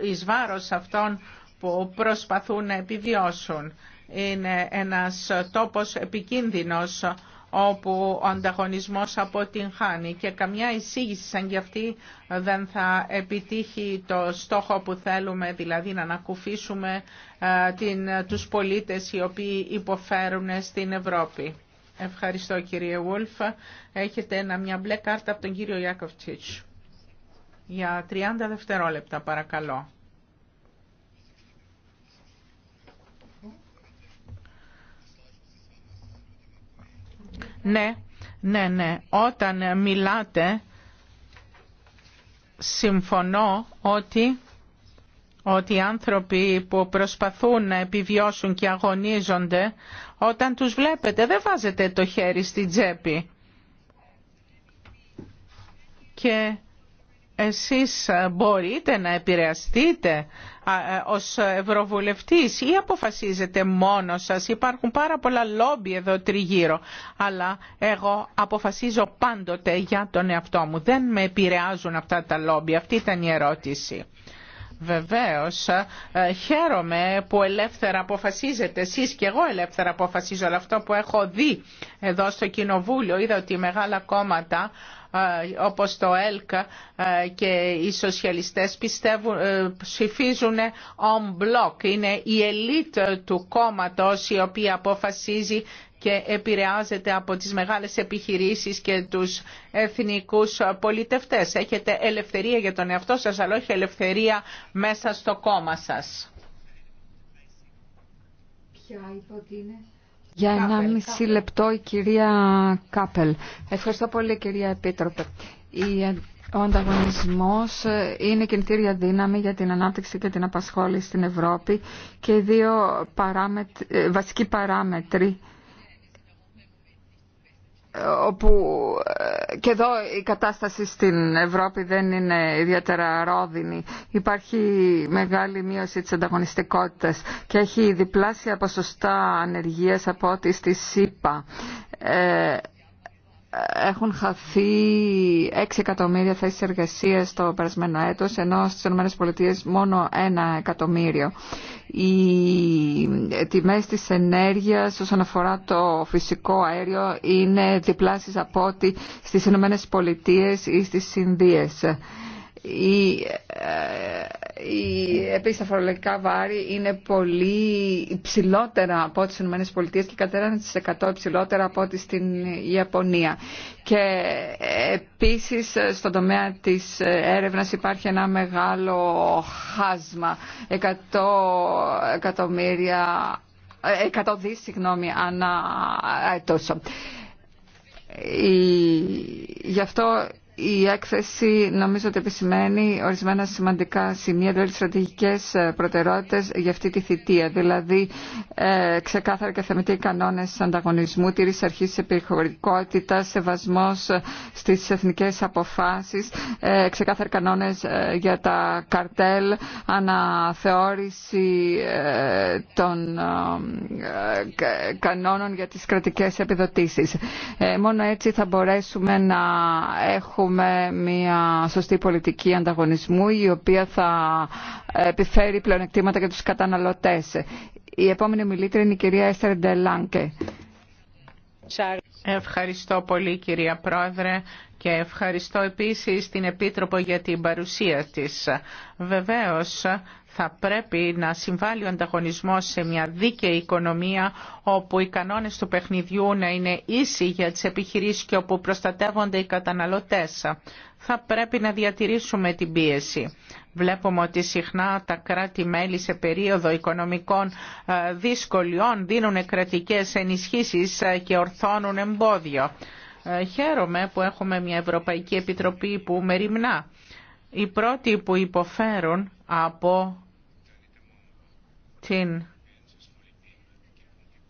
εις βάρος αυτών που προσπαθούν να επιβιώσουν. Είναι ένας τόπος επικίνδυνος όπου ο ανταγωνισμός αποτυγχάνει και καμιά εισήγηση σαν κι αυτή δεν θα επιτύχει το στόχο που θέλουμε, δηλαδή να ανακουφίσουμε ε, την, τους πολίτες οι οποίοι υποφέρουν στην Ευρώπη. Ευχαριστώ κύριε Βούλφ. Έχετε ένα, μια μπλε κάρτα από τον κύριο Ιάκοφτσίτς. Για 30 δευτερόλεπτα παρακαλώ. Ναι, ναι, ναι. Όταν μιλάτε, συμφωνώ ότι ότι οι άνθρωποι που προσπαθούν να επιβιώσουν και αγωνίζονται, όταν τους βλέπετε δεν βάζετε το χέρι στη τσέπη. Και εσείς μπορείτε να επηρεαστείτε ε, ως ευρωβουλευτής ή αποφασίζετε μόνος σας. Υπάρχουν πάρα πολλά λόμπι εδώ τριγύρω, αλλά εγώ αποφασίζω πάντοτε για τον εαυτό μου. Δεν με επηρεάζουν αυτά τα λόμπι. Αυτή ήταν η ερώτηση. Βεβαίως, ε, χαίρομαι που ελεύθερα αποφασίζετε εσείς και εγώ ελεύθερα αποφασίζω, αλλά αυτό που έχω δει εδώ στο Κοινοβούλιο, είδα ότι μεγάλα κόμματα όπως το ΕΛΚΑ και οι σοσιαλιστές πιστεύουν, ε, ψηφίζουν on block. Είναι η ελίτ του κόμματος η οποία αποφασίζει και επηρεάζεται από τις μεγάλες επιχειρήσεις και τους εθνικούς πολιτευτές. Έχετε ελευθερία για τον εαυτό σας, αλλά όχι ελευθερία μέσα στο κόμμα σας. Ποια για 1,5 λεπτό η κυρία Κάπελ. Ευχαριστώ πολύ κυρία Επίτροπε. Ε, ο ανταγωνισμός ε, είναι κινητήρια δύναμη για την ανάπτυξη και την απασχόληση στην Ευρώπη και δύο ε, βασικοί παράμετροι όπου ε, και εδώ η κατάσταση στην Ευρώπη δεν είναι ιδιαίτερα ρόδινη. Υπάρχει μεγάλη μείωση της ανταγωνιστικότητας και έχει διπλάσια ποσοστά ανεργίας από ό,τι στη ΣΥΠΑ. Ε, έχουν χαθεί 6 εκατομμύρια θέσεις εργασίας το περασμένο έτος, ενώ στις ΗΠΑ μόνο 1 εκατομμύριο. Οι τιμές της ενέργειας όσον αφορά το φυσικό αέριο είναι διπλάσεις από ό,τι στις ΗΠΑ ή στις Ινδίες η, ε, η επίσης τα φορολογικά βάρη είναι πολύ υψηλότερα από τις ΗΠΑ και κατά 100% υψηλότερα από ό,τι στην Ιαπωνία. Και ε, επίσης στον τομέα της έρευνας υπάρχει ένα μεγάλο χάσμα, 100 εκατομμύρια, 100 ε, δις, ανά έτος. Η... Γι' αυτό η έκθεση νομίζω ότι επισημαίνει ορισμένα σημαντικά σημεία, δηλαδή στρατηγικές ε, προτεραιότητες για αυτή τη θητεία, δηλαδή ε, ξεκάθαρα και θεμετή κανόνες ανταγωνισμού, τήρηση αρχής επιχωρητικότητας, σεβασμός ε, στις εθνικές αποφάσεις, ε, ξεκάθαρα κανόνες ε, για τα καρτέλ, αναθεώρηση των κανόνων για τις κρατικές επιδοτήσεις. μόνο έτσι θα μπορέσουμε να έχουμε έχουμε μια σωστή πολιτική ανταγωνισμού η οποία θα επιφέρει πλεονεκτήματα για τους καταναλωτές. Η επόμενη μιλήτρια είναι η κυρία Έστερ Ντελάνκε. Ευχαριστώ πολύ κυρία Πρόεδρε και ευχαριστώ επίσης την Επίτροπο για την παρουσία της. Βεβαίως θα πρέπει να συμβάλλει ο ανταγωνισμός σε μια δίκαιη οικονομία όπου οι κανόνες του παιχνιδιού να είναι ίσοι για τις επιχειρήσεις και όπου προστατεύονται οι καταναλωτές. Θα πρέπει να διατηρήσουμε την πίεση. Βλέπουμε ότι συχνά τα κράτη-μέλη σε περίοδο οικονομικών ε, δυσκολιών δίνουν κρατικές ενισχύσεις ε, και ορθώνουν εμπόδιο. Ε, χαίρομαι που έχουμε μια Ευρωπαϊκή Επιτροπή που μεριμνά. Οι πρώτοι που υποφέρουν από την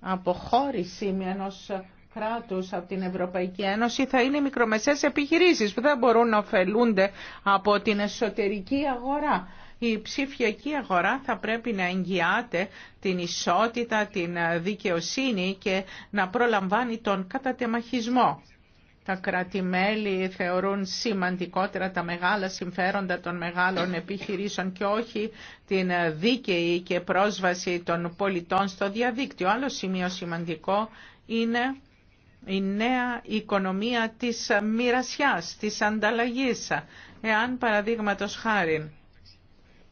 αποχώρηση με ενός κράτους από την Ευρωπαϊκή Ένωση θα είναι μικρομεσαίες επιχειρήσεις που δεν μπορούν να ωφελούνται από την εσωτερική αγορά. Η ψηφιακή αγορά θα πρέπει να εγγυάται την ισότητα, την δικαιοσύνη και να προλαμβάνει τον κατατεμαχισμό τα κρατημέλη θεωρούν σημαντικότερα τα μεγάλα συμφέροντα των μεγάλων επιχειρήσεων και όχι την δίκαιη και πρόσβαση των πολιτών στο διαδίκτυο. Άλλο σημείο σημαντικό είναι η νέα οικονομία της μοιρασιάς, της ανταλλαγής. Εάν παραδείγματος χάρη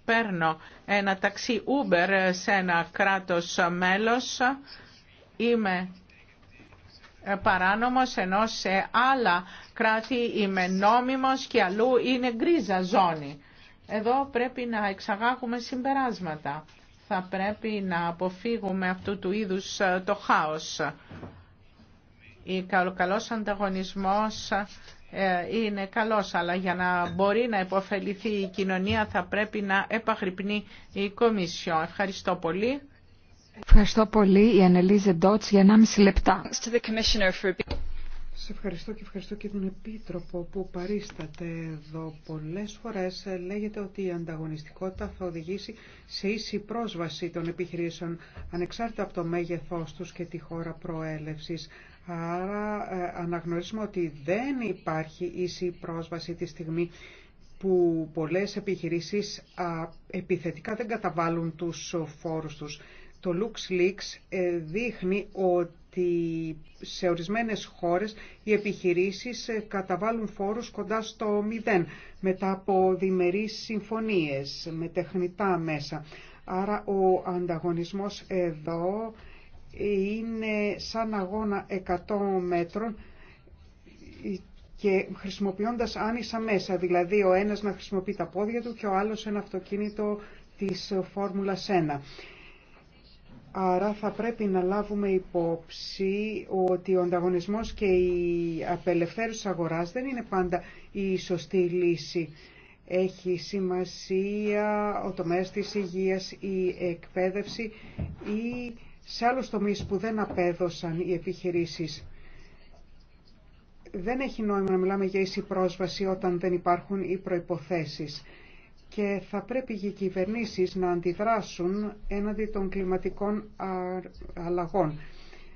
παίρνω ένα ταξί Uber σε ένα κράτος μέλος, είμαι παράνομος ενώ σε άλλα κράτη είμαι νόμιμος και αλλού είναι γκρίζα ζώνη. Εδώ πρέπει να εξαγάγουμε συμπεράσματα. Θα πρέπει να αποφύγουμε αυτού του είδους ε, το χάος. Ο καλός ανταγωνισμός ε, είναι καλός, αλλά για να μπορεί να υποφεληθεί η κοινωνία θα πρέπει να επαγρυπνεί η Κομίσιο. Ευχαριστώ πολύ. Ευχαριστώ πολύ η Ανελίζε Ντότς για 1,5 λεπτά. Σε ευχαριστώ και ευχαριστώ και τον Επίτροπο που παρίσταται εδώ. Πολλές φορές λέγεται ότι η ανταγωνιστικότητα θα οδηγήσει σε ίση πρόσβαση των επιχειρήσεων ανεξάρτητα από το μέγεθός τους και τη χώρα προέλευσης. Άρα ε, αναγνωρίζουμε ότι δεν υπάρχει ίση πρόσβαση τη στιγμή που πολλές επιχειρήσεις επιθετικά δεν καταβάλουν τους φόρους τους. Το LuxLeaks ε, δείχνει ότι σε ορισμένες χώρες οι επιχειρήσεις ε, καταβάλουν φόρους κοντά στο μηδέν μετά από διμερείς συμφωνίες με τεχνητά μέσα. Άρα ο ανταγωνισμός εδώ είναι σαν αγώνα 100 μέτρων και χρησιμοποιώντας άνισα μέσα, δηλαδή ο ένας να χρησιμοποιεί τα πόδια του και ο άλλος ένα αυτοκίνητο της Φόρμουλας 1. Άρα θα πρέπει να λάβουμε υπόψη ότι ο ανταγωνισμός και η απελευθέρωση αγοράς δεν είναι πάντα η σωστή λύση. Έχει σημασία ο τομέας της υγείας, η εκπαίδευση ή σε άλλους τομείς που δεν απέδωσαν οι επιχειρήσεις. Δεν έχει νόημα να μιλάμε για ίση πρόσβαση όταν δεν υπάρχουν οι προϋποθέσεις και θα πρέπει οι κυβερνήσεις να αντιδράσουν έναντι των κλιματικών αλλαγών.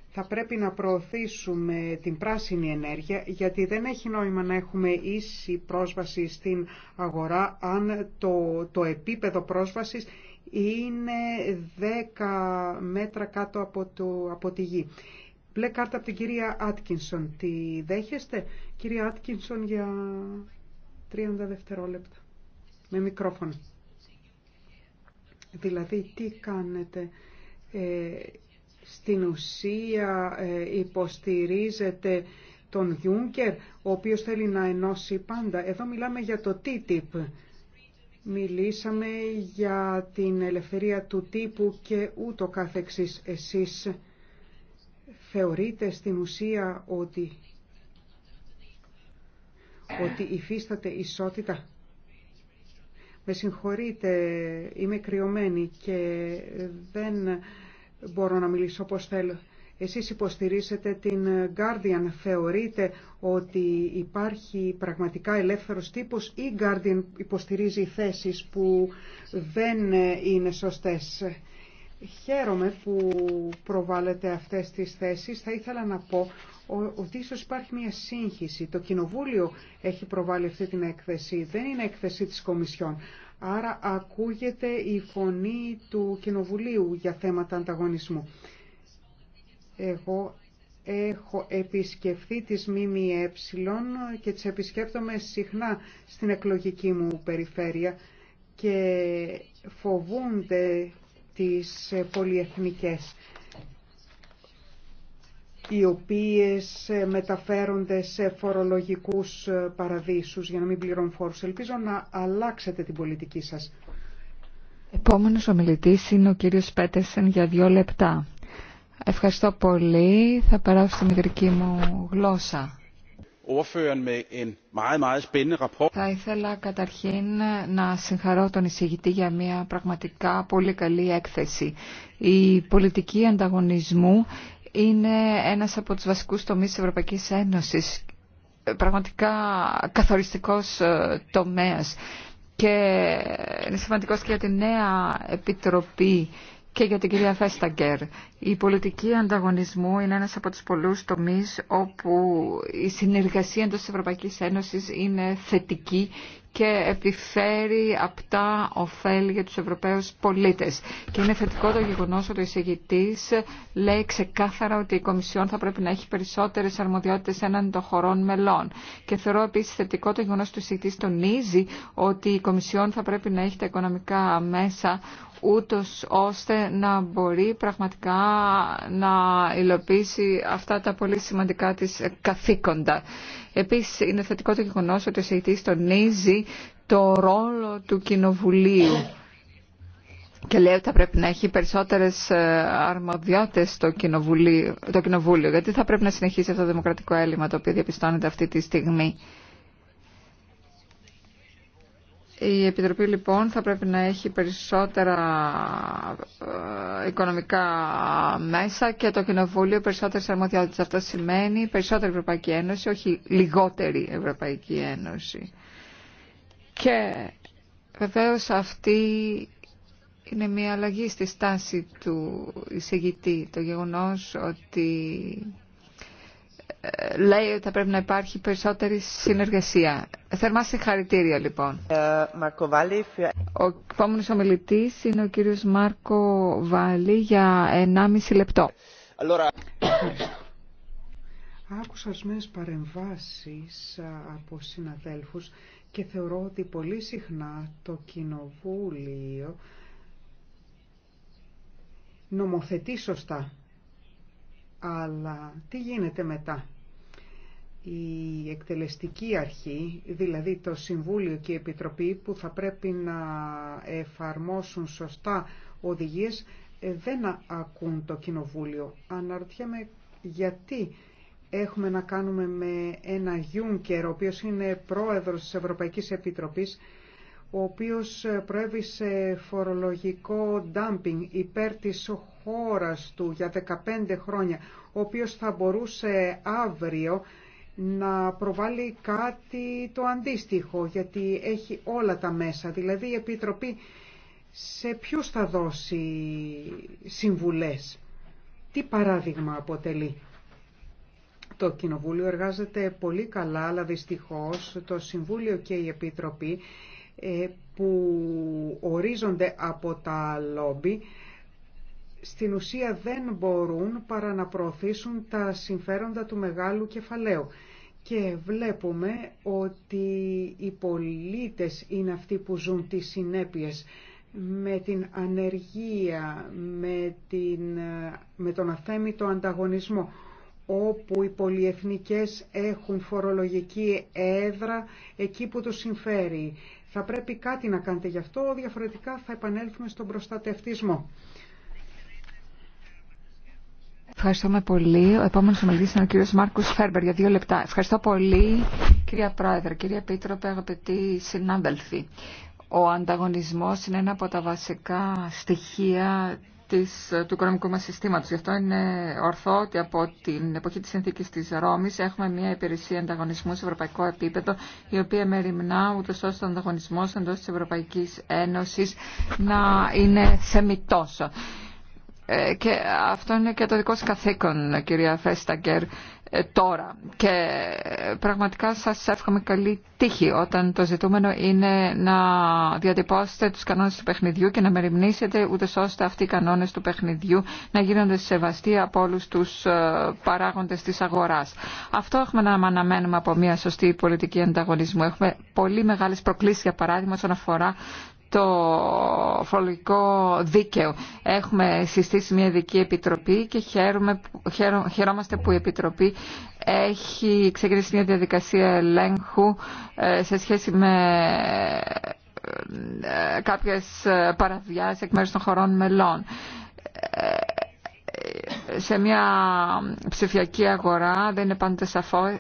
Θα πρέπει να προωθήσουμε την πράσινη ενέργεια γιατί δεν έχει νόημα να έχουμε ίση πρόσβαση στην αγορά αν το, το επίπεδο πρόσβασης είναι 10 μέτρα κάτω από, το, από τη γη. Μπλε κάρτα από την κυρία Άτκινσον. Τη δέχεστε, κυρία Άτκινσον, για 30 δευτερόλεπτα με μικρόφωνο. Δηλαδή τι κάνετε ε, στην ουσία ε, υποστηρίζετε τον Γιούγκερ ο οποίος θέλει να ενώσει πάντα. Εδώ μιλάμε για το TTIP. Μιλήσαμε για την ελευθερία του τύπου και ούτω καθεξής. Εσείς θεωρείτε στην ουσία ότι, ότι υφίσταται ισότητα. Με συγχωρείτε, είμαι κρυωμένη και δεν μπορώ να μιλήσω όπως θέλω. Εσείς υποστηρίζετε την Guardian. Θεωρείτε ότι υπάρχει πραγματικά ελεύθερος τύπος ή Guardian υποστηρίζει θέσεις που δεν είναι σωστές. Χαίρομαι που προβάλλετε αυτές τις θέσεις. Θα ήθελα να πω ότι ίσως υπάρχει μια σύγχυση. Το Κοινοβούλιο έχει προβάλει αυτή την έκθεση, δεν είναι έκθεση της Κομισιόν. Άρα ακούγεται η φωνή του Κοινοβουλίου για θέματα ανταγωνισμού. Εγώ έχω επισκεφθεί τις ΜΜΕ και τις επισκέπτομαι συχνά στην εκλογική μου περιφέρεια και φοβούνται τις πολυεθνικές οι οποίες ε, μεταφέρονται σε φορολογικούς ε, παραδείσους για να μην πληρώνουν φόρους. Ελπίζω να αλλάξετε την πολιτική σας. Επόμενος ομιλητής είναι ο κύριος Πέτεσεν για δύο λεπτά. Ευχαριστώ πολύ. Θα περάσω στην ιδρική μου γλώσσα. Θα ήθελα καταρχήν να συγχαρώ τον εισηγητή για μια πραγματικά πολύ καλή έκθεση. Η πολιτική ανταγωνισμού είναι ένας από τους βασικούς τομείς της Ευρωπαϊκής Ένωσης, πραγματικά καθοριστικός ε, τομέας και είναι σημαντικός και για τη νέα Επιτροπή και για την κυρία Φέσταγκερ. Η πολιτική ανταγωνισμού είναι ένας από τους πολλούς τομείς όπου η συνεργασία εντός της Ευρωπαϊκής Ένωσης είναι θετική και επιφέρει απτά ωφέλη για τους Ευρωπαίους πολίτες. Και είναι θετικό το γεγονός ότι ο εισηγητής λέει ξεκάθαρα ότι η Κομισιόν θα πρέπει να έχει περισσότερες αρμοδιότητες έναν των χωρών μελών. Και θεωρώ επίσης θετικό το γεγονός ότι ο εισηγητής τονίζει ότι η Κομισιόν θα πρέπει να έχει τα οικονομικά μέσα ούτως ώστε να μπορεί πραγματικά να υλοποιήσει αυτά τα πολύ σημαντικά της καθήκοντα. Επίσης είναι θετικό το γεγονό ότι ο εισηγητής τονίζει το ρόλο του Κοινοβουλίου και λέει ότι θα πρέπει να έχει περισσότερες ε, αρμοδιότητες το, το Κοινοβούλιο γιατί θα πρέπει να συνεχίσει αυτό το δημοκρατικό έλλειμμα το οποίο διαπιστώνεται αυτή τη στιγμή. Η Επιτροπή λοιπόν θα πρέπει να έχει περισσότερα ε, οικονομικά μέσα και το Κοινοβούλιο περισσότερε αρμοδιότητε. Αυτό σημαίνει περισσότερη Ευρωπαϊκή Ένωση, όχι λιγότερη Ευρωπαϊκή Ένωση. Και βεβαίω αυτή είναι μια αλλαγή στη στάση του εισηγητή. Το γεγονός ότι λέει ότι θα πρέπει να υπάρχει περισσότερη συνεργασία. Θερμά συγχαρητήρια λοιπόν. Ο επόμενο ομιλητή είναι ο κύριος Μάρκο Βάλι για 1,5 λεπτό. Άκουσα ορισμένε παρεμβάσεις από συναδέλφους και θεωρώ ότι πολύ συχνά το κοινοβούλιο νομοθετεί σωστά αλλά τι γίνεται μετά. Η εκτελεστική αρχή, δηλαδή το Συμβούλιο και η Επιτροπή που θα πρέπει να εφαρμόσουν σωστά οδηγίες, ε, δεν ακούν το Κοινοβούλιο. Αναρωτιέμαι γιατί έχουμε να κάνουμε με ένα Γιούνκερ, ο οποίος είναι πρόεδρος της Ευρωπαϊκής Επιτροπής, ο οποίος ε, προέβησε φορολογικό ντάμπινγκ υπέρ της χώρας του για 15 χρόνια, ο οποίος θα μπορούσε αύριο να προβάλλει κάτι το αντίστοιχο, γιατί έχει όλα τα μέσα. Δηλαδή η Επιτροπή σε ποιους θα δώσει συμβουλές. Τι παράδειγμα αποτελεί. Το Κοινοβούλιο εργάζεται πολύ καλά, αλλά δυστυχώς το Συμβούλιο και η Επιτροπή ε, που ορίζονται από τα λόμπι στην ουσία δεν μπορούν παρά να προωθήσουν τα συμφέροντα του μεγάλου κεφαλαίου. Και βλέπουμε ότι οι πολίτες είναι αυτοί που ζουν τις συνέπειες με την ανεργία, με, την, με τον αθέμητο ανταγωνισμό, όπου οι πολιεθνικές έχουν φορολογική έδρα εκεί που τους συμφέρει. Θα πρέπει κάτι να κάνετε γι' αυτό, διαφορετικά θα επανέλθουμε στον προστατευτισμό. Ευχαριστούμε πολύ. Ο επόμενο ομιλητή είναι ο κύριο Μάρκο Φέρμπερ για δύο λεπτά. Ευχαριστώ πολύ κυρία Πρόεδρε, κυρία Πίτροπε, αγαπητοί συνάδελφοι. Ο ανταγωνισμό είναι ένα από τα βασικά στοιχεία της, του οικονομικού μας συστήματος. Γι' αυτό είναι ορθό ότι από την εποχή της συνθήκης της Ρώμης έχουμε μια υπηρεσία ανταγωνισμού σε ευρωπαϊκό επίπεδο, η οποία μεριμνά ούτω ώστε ο ανταγωνισμός εντός της Ευρωπαϊκής Ένωσης να είναι θεμητός. Ε, και αυτό είναι και το δικό σας καθήκον κυρία Φέσταγκερ ε, τώρα και ε, πραγματικά σας εύχομαι καλή τύχη όταν το ζητούμενο είναι να διατυπώσετε τους κανόνες του παιχνιδιού και να μεριμνήσετε ούτε ώστε αυτοί οι κανόνες του παιχνιδιού να γίνονται σεβαστοί από όλους τους παράγοντες της αγοράς. Αυτό έχουμε να αναμένουμε από μια σωστή πολιτική ανταγωνισμού. Έχουμε πολύ μεγάλες προκλήσεις για παράδειγμα όσον αφορά το φορολογικό δίκαιο. Έχουμε συστήσει μια ειδική επιτροπή και χαίρομαι, χαιρόμαστε που η επιτροπή έχει ξεκινήσει μια διαδικασία ελέγχου ε, σε σχέση με ε, κάποιες παραδιάσεις εκ μέρους των χωρών μελών. Ε, σε μια ψηφιακή αγορά δεν είναι πάντα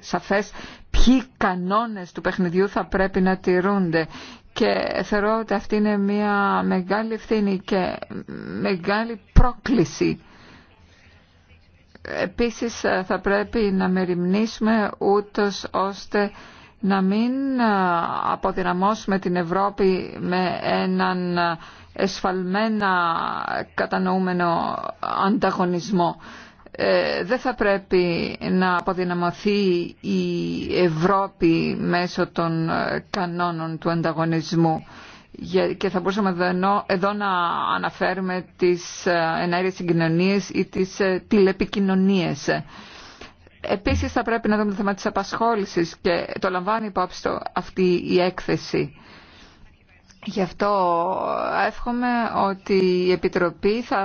σαφές ποιοι κανόνες του παιχνιδιού θα πρέπει να τηρούνται και θεωρώ ότι αυτή είναι μια μεγάλη ευθύνη και μεγάλη πρόκληση. Επίσης θα πρέπει να μεριμνήσουμε ούτως ώστε να μην αποδυναμώσουμε την Ευρώπη με έναν εσφαλμένα κατανοούμενο ανταγωνισμό. Ε, δεν θα πρέπει να αποδυναμωθεί η Ευρώπη μέσω των ε, κανόνων του ανταγωνισμού και θα μπορούσαμε εδώ να αναφέρουμε τις ε, ενέργειες συγκοινωνίες ή τις τηλεπικοινωνίες. Επίσης θα πρέπει να δούμε το θέμα της απασχόλησης και το λαμβάνει υπόψη αυτή η έκθεση. Γι' αυτό εύχομαι ότι η Επιτροπή θα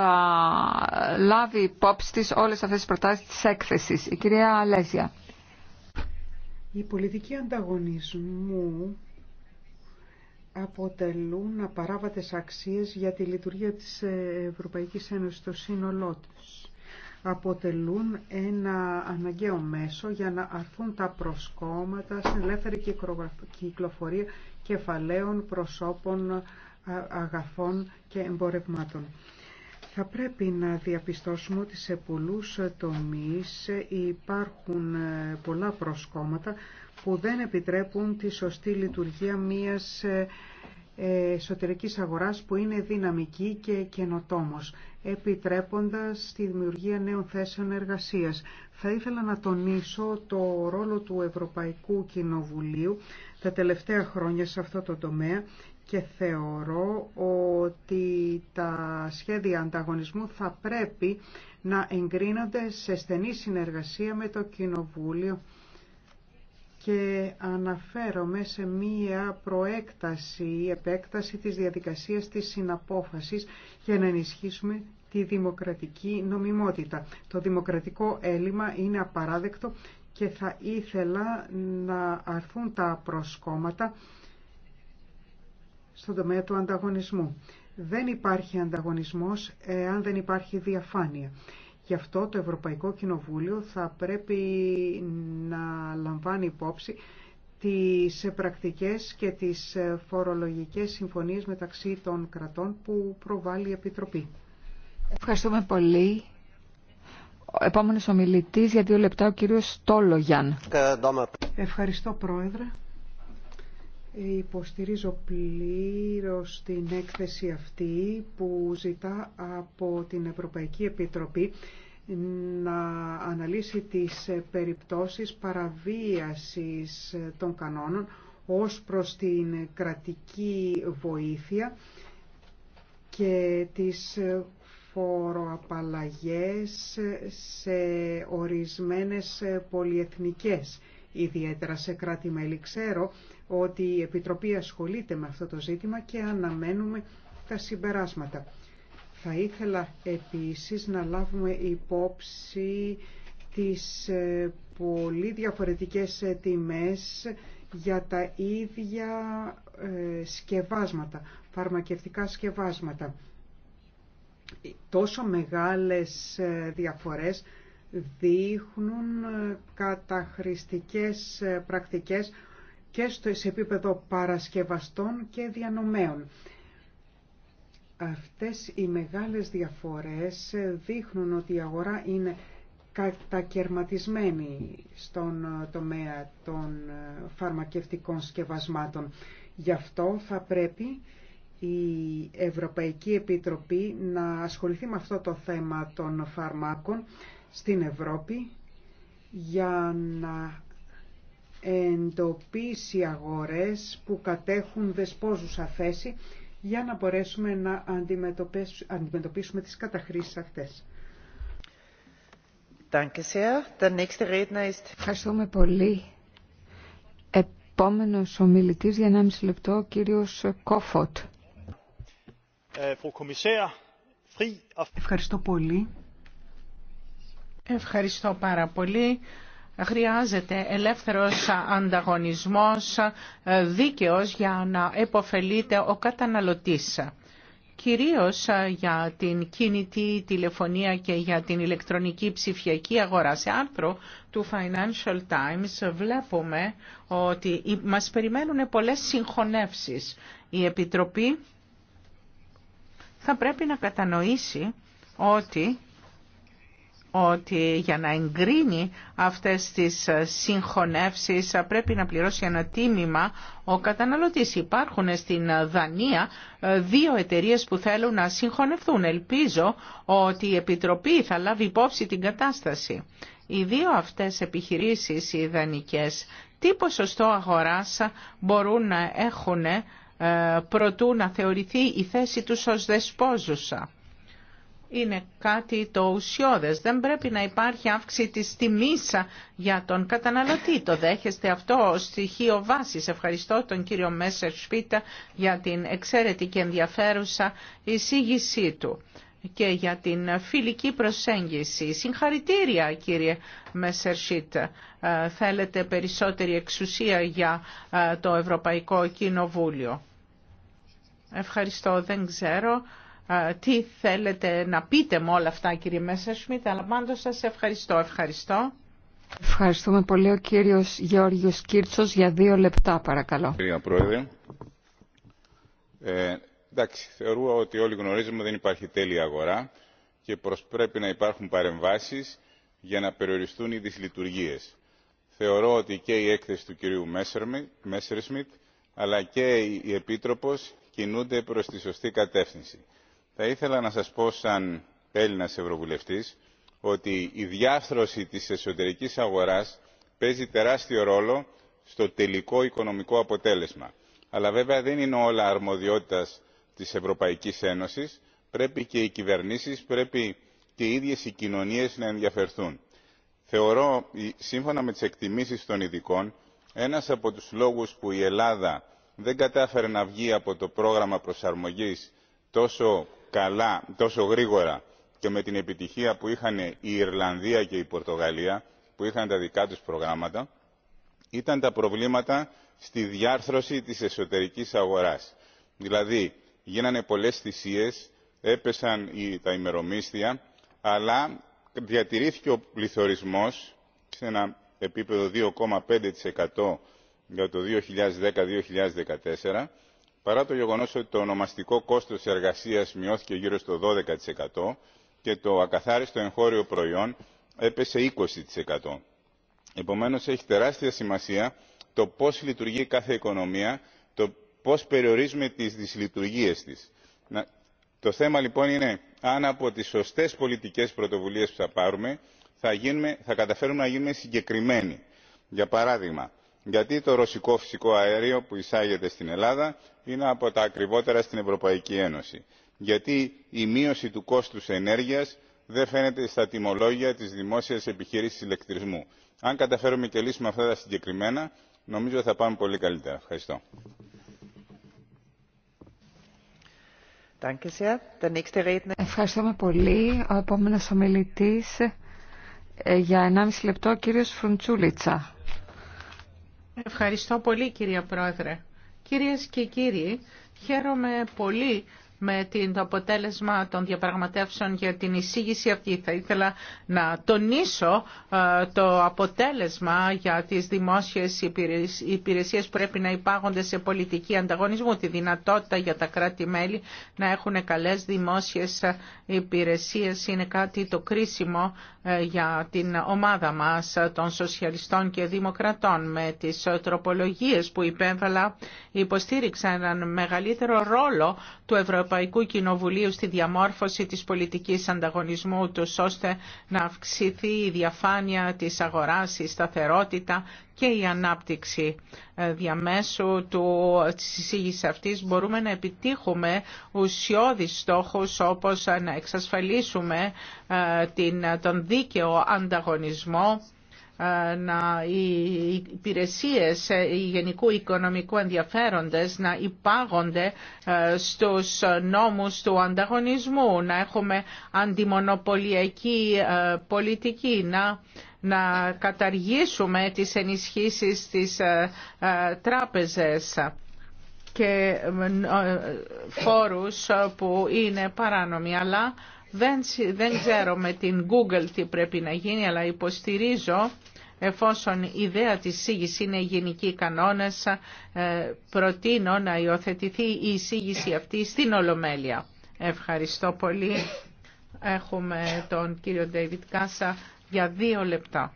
λάβει υπόψη της όλες αυτές τις προτάσεις της έκθεσης. Η κυρία Αλέζια. Οι πολιτικοί ανταγωνισμού αποτελούν απαράβατες αξίες για τη λειτουργία της Ευρωπαϊκής Ένωσης στο σύνολό της. Αποτελούν ένα αναγκαίο μέσο για να αρθούν τα προσκόμματα στην ελεύθερη κυκλοφορία κεφαλαίων, προσώπων, αγαθών και εμπορευμάτων. Θα πρέπει να διαπιστώσουμε ότι σε πολλούς τομείς υπάρχουν ε, πολλά προσκόμματα που δεν επιτρέπουν τη σωστή λειτουργία μιας ε, ε, εσωτερικής αγοράς που είναι δυναμική και καινοτόμος, επιτρέποντας τη δημιουργία νέων θέσεων εργασίας. Θα ήθελα να τονίσω το ρόλο του Ευρωπαϊκού Κοινοβουλίου τα τελευταία χρόνια σε αυτό το τομέα και θεωρώ ότι τα σχέδια ανταγωνισμού θα πρέπει να εγκρίνονται σε στενή συνεργασία με το Κοινοβούλιο και αναφέρομαι σε μία προέκταση ή επέκταση της διαδικασίας της συναπόφασης για να ενισχύσουμε τη δημοκρατική νομιμότητα. Το δημοκρατικό έλλειμμα είναι απαράδεκτο και θα ήθελα να αρθούν τα προσκόμματα στον τομέα του ανταγωνισμού. Δεν υπάρχει ανταγωνισμός αν δεν υπάρχει διαφάνεια. Γι' αυτό το Ευρωπαϊκό Κοινοβούλιο θα πρέπει να λαμβάνει υπόψη τις πρακτικές και τις φορολογικές συμφωνίες μεταξύ των κρατών που προβάλλει η Επιτροπή. Ευχαριστούμε πολύ επόμενος ομιλητής για δύο λεπτά ο κύριος Τόλογιαν. Ευχαριστώ πρόεδρε. Υποστηρίζω πλήρως την έκθεση αυτή που ζητά από την Ευρωπαϊκή Επιτροπή να αναλύσει τις περιπτώσεις παραβίασης των κανόνων ως προς την κρατική βοήθεια και τις φοροαπαλλαγές σε ορισμένες πολυεθνικές, ιδιαίτερα σε κράτη-μέλη. Ξέρω ότι η Επιτροπή ασχολείται με αυτό το ζήτημα και αναμένουμε τα συμπεράσματα. Θα ήθελα επίσης να λάβουμε υπόψη τις ε, πολύ διαφορετικές τιμές για τα ίδια ε, σκευάσματα, φαρμακευτικά σκευάσματα τόσο μεγάλες ε, διαφορές δείχνουν ε, καταχρηστικές ε, πρακτικές και σε επίπεδο παρασκευαστών και διανομέων. Αυτές οι μεγάλες διαφορές δείχνουν ότι η αγορά είναι κατακαιρματισμένη στον τομέα των φαρμακευτικών σκευασμάτων. Γι' αυτό θα πρέπει η Ευρωπαϊκή Επιτροπή να ασχοληθεί με αυτό το θέμα των φαρμάκων στην Ευρώπη για να εντοπίσει αγορές που κατέχουν δεσπόζουσα θέση για να μπορέσουμε να αντιμετωπίσουμε τις καταχρήσεις αυτές. Ευχαριστούμε πολύ. Επόμενος ομιλητής για 1,5 λεπτό, ο κύριος Κόφωτ. Øh, Ευχαριστώ πολύ. Ευχαριστώ πάρα πολύ. Χρειάζεται ελεύθερος ανταγωνισμός ε, δίκαιος για να επωφελείται ο καταναλωτής κυρίως ε, για την κινητή τηλεφωνία και για την ηλεκτρονική ψηφιακή αγορά. Σε άρθρο του Financial Times βλέπουμε ότι μας περιμένουν πολλές συγχωνεύσεις. Η Επιτροπή θα πρέπει να κατανοήσει ότι ότι για να εγκρίνει αυτές τις συγχωνεύσεις πρέπει να πληρώσει ένα τίμημα ο καταναλωτής. Υπάρχουν στην Δανία ε, δύο εταιρείες που θέλουν να συγχωνευτούν. Ελπίζω ότι η Επιτροπή θα λάβει υπόψη την κατάσταση. Οι δύο αυτές επιχειρήσεις οι δανικές τι ποσοστό αγοράς μπορούν να έχουν ε, προτού να θεωρηθεί η θέση του ως δεσπόζουσα. Είναι κάτι το ουσιώδες. Δεν πρέπει να υπάρχει αύξηση της τιμής για τον καταναλωτή. Το δέχεστε αυτό ως στοιχείο βάσης. Ευχαριστώ τον κύριο Μέσερ Σπίτα για την εξαίρετη και ενδιαφέρουσα εισήγησή του και για την φιλική προσέγγιση. Συγχαρητήρια κύριε Μεσερσίτ. Ε, θέλετε περισσότερη εξουσία για ε, το Ευρωπαϊκό Κοινοβούλιο. Ευχαριστώ. Δεν ξέρω ε, τι θέλετε να πείτε με όλα αυτά κύριε Μέσερσμιτ, αλλά πάντως σας ευχαριστώ. Ευχαριστώ. Ευχαριστούμε πολύ ο κύριος Γεώργιος Κίρτσος για δύο λεπτά παρακαλώ. Κύριε Πρόεδρε, ε, εντάξει θεωρώ ότι όλοι γνωρίζουμε ότι δεν υπάρχει τέλεια αγορά και πρέπει να υπάρχουν παρεμβάσεις για να περιοριστούν οι δυσλειτουργίες. θεωρώ ότι και η έκθεση του κυρίου Μέσσερσμιτ αλλά και η επίτροπος κινούνται προς τη σωστή κατεύθυνση. θα ήθελα να σας πω σαν έλληνας ευρωβουλευτής ότι η διάστρωση της εσωτερικής αγοράς παίζει τεράστιο ρόλο στο τελικό οικονομικό αποτέλεσμα αλλά βέβαια δεν είναι όλα αρμοδιότητας της ευρωπαϊκής ένωσης πρέπει και οι κυβερνήσεις πρέπει και οι ίδιες οι κοινωνίες να ενδιαφερθούν. θεωρώ σύμφωνα με τις εκτιμήσεις των ειδικών ένας από τους λόγους που η ελλάδα δεν κατάφερε να βγει από το πρόγραμμα προσαρμογής τόσο καλά τόσο γρήγορα και με την επιτυχία που είχαν η ιρλανδία και η πορτογαλία που είχαν τα δικά τους προγράμματα ήταν τα προβλήματα στη διάρθρωση της εσωτερικής αγοράς. δηλαδή γίνανε πολλές θυσίες έπεσαν τα ημερομίσθια αλλά διατηρήθηκε ο πληθωρισμός σε ένα επίπεδο 2,5% για το 2010-2014 παρά το γεγονός ότι το ονομαστικό κόστος εργασίας μειώθηκε γύρω στο 12% και το ακαθάριστο εγχώριο προϊόν έπεσε 20%. Επομένως έχει τεράστια σημασία το πώς λειτουργεί κάθε οικονομία, το πώς περιορίζουμε τις δυσλειτουργίες της. το θέμα λοιπόν είναι αν από τις σωστές πολιτικές πρωτοβουλίες που θα πάρουμε θα, γίνουμε, θα καταφέρουμε να γίνουμε συγκεκριμένοι. για παράδειγμα γιατί το ρωσικό φυσικό αέριο που εισάγεται στην ελλάδα είναι από τα ακριβότερα στην ευρωπαϊκή ένωση; γιατί η μείωση του κόστους ενέργειας δεν φαίνεται στα τιμολόγια της δημόσιας επιχείρησης ηλεκτρισμού. αν καταφέρουμε και λύσουμε αυτά τα συγκεκριμένα νομίζω θα πάμε πολύ καλύτερα. ευχαριστώ. Ευχαριστούμε πολύ. Ο επόμενο ομιλητή ε, για 1,5 λεπτό, ο κύριο Φρουντσούλητσα. Ευχαριστώ πολύ κύριε Πρόεδρε. Κυρίες και κύριοι, χαίρομαι πολύ με το αποτέλεσμα των διαπραγματεύσεων για την εισήγηση αυτή. Θα ήθελα να τονίσω ε, το αποτέλεσμα για τις δημόσιες υπηρεσίες που πρέπει να υπάγονται σε πολιτική ανταγωνισμού, τη δυνατότητα για τα κράτη-μέλη να έχουν καλές δημόσιες ε, υπηρεσίες είναι κάτι το κρίσιμο ε, για την ομάδα μας των σοσιαλιστών και δημοκρατών. Με τις τροπολογίες που υπέβαλα υποστήριξαν έναν μεγαλύτερο ρόλο του Ευρωπαϊκού Ευρωπαϊκού Κοινοβουλίου στη διαμόρφωση της πολιτικής ανταγωνισμού του ώστε να αυξηθεί η διαφάνεια της αγοράς, η σταθερότητα και η ανάπτυξη. Ε, διαμέσου του, της εισήγησης αυτής μπορούμε να επιτύχουμε ουσιώδεις στόχους όπως να εξασφαλίσουμε ε, την, τον δίκαιο ανταγωνισμό ε, να οι υπηρεσίες ε, γενικού οικονομικού ενδιαφέροντες να υπάγονται ε, στους νόμους του ανταγωνισμού, να έχουμε αντιμονοπολιακή πολιτική, να να καταργήσουμε τις ενισχύσεις στις τράπεζες και φόρους που είναι παράνομοι, αλλά δεν, δεν ξέρω με την Google τι πρέπει να γίνει, αλλά υποστηρίζω εφόσον η ιδέα της εισήγηση είναι γενική κανόνας, ε, προτείνω να υιοθετηθεί η εισήγηση αυτή στην Ολομέλεια. Ευχαριστώ πολύ. Έχουμε τον κύριο Ντέιβιτ Κάσα για δύο λεπτά.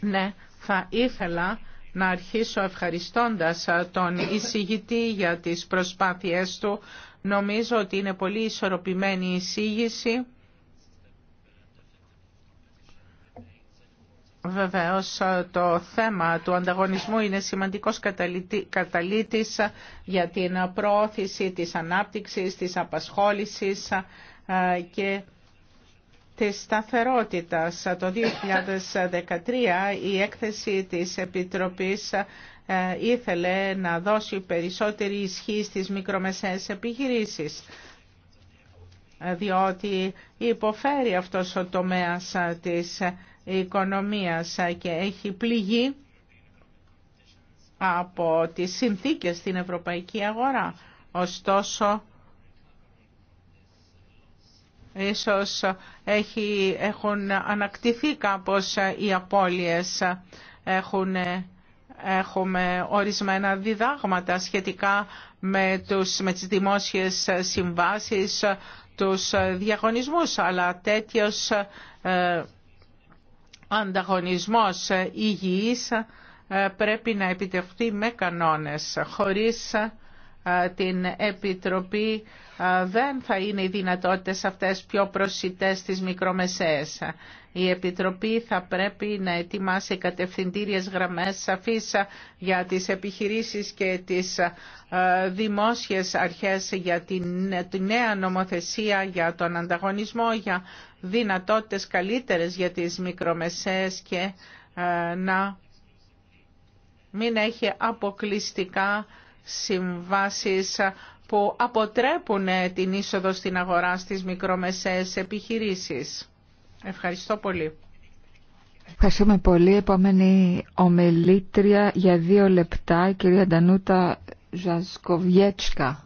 Ναι, θα ήθελα να αρχίσω ευχαριστώντας τον εισηγητή για τις προσπάθειές του Νομίζω ότι είναι πολύ ισορροπημένη η εισήγηση. Βεβαίως το θέμα του ανταγωνισμού είναι σημαντικός καταλήτης για την προώθηση της ανάπτυξης, της απασχόλησης ε, και της σταθερότητας. Το 2013 η έκθεση της Επιτροπής ε, ήθελε να δώσει περισσότερη ισχύ στις μικρομεσαίες επιχειρήσεις διότι υποφέρει αυτός ο τομέας της οικονομίας και έχει πληγεί από τις συνθήκες στην ευρωπαϊκή αγορά. Ωστόσο, ίσως έχουν ανακτηθεί κάπως οι απώλειες, έχουν έχουμε ορισμένα διδάγματα σχετικά με, τους, με τις δημόσιες συμβάσεις, τους διαγωνισμούς, αλλά τέτοιος ε, ανταγωνισμός υγιής ε, πρέπει να επιτευχθεί με κανόνες, χωρίς την Επιτροπή δεν θα είναι οι δυνατότητες αυτές πιο προσιτές στις μικρομεσαίες. Η Επιτροπή θα πρέπει να ετοιμάσει κατευθυντήριες γραμμές σαφής για τις επιχειρήσεις και τις δημόσιες αρχές για την νέα νομοθεσία, για τον ανταγωνισμό, για δυνατότητες καλύτερες για τις μικρομεσαίες και να μην έχει αποκλειστικά συμβάσεις που αποτρέπουν την είσοδο στην αγορά στις μικρομεσαίες επιχειρήσεις. Ευχαριστώ πολύ. Ευχαριστούμε πολύ. Επόμενη ομελήτρια για δύο λεπτά, η κυρία Ντανούτα Ζασκοβιέτσκα.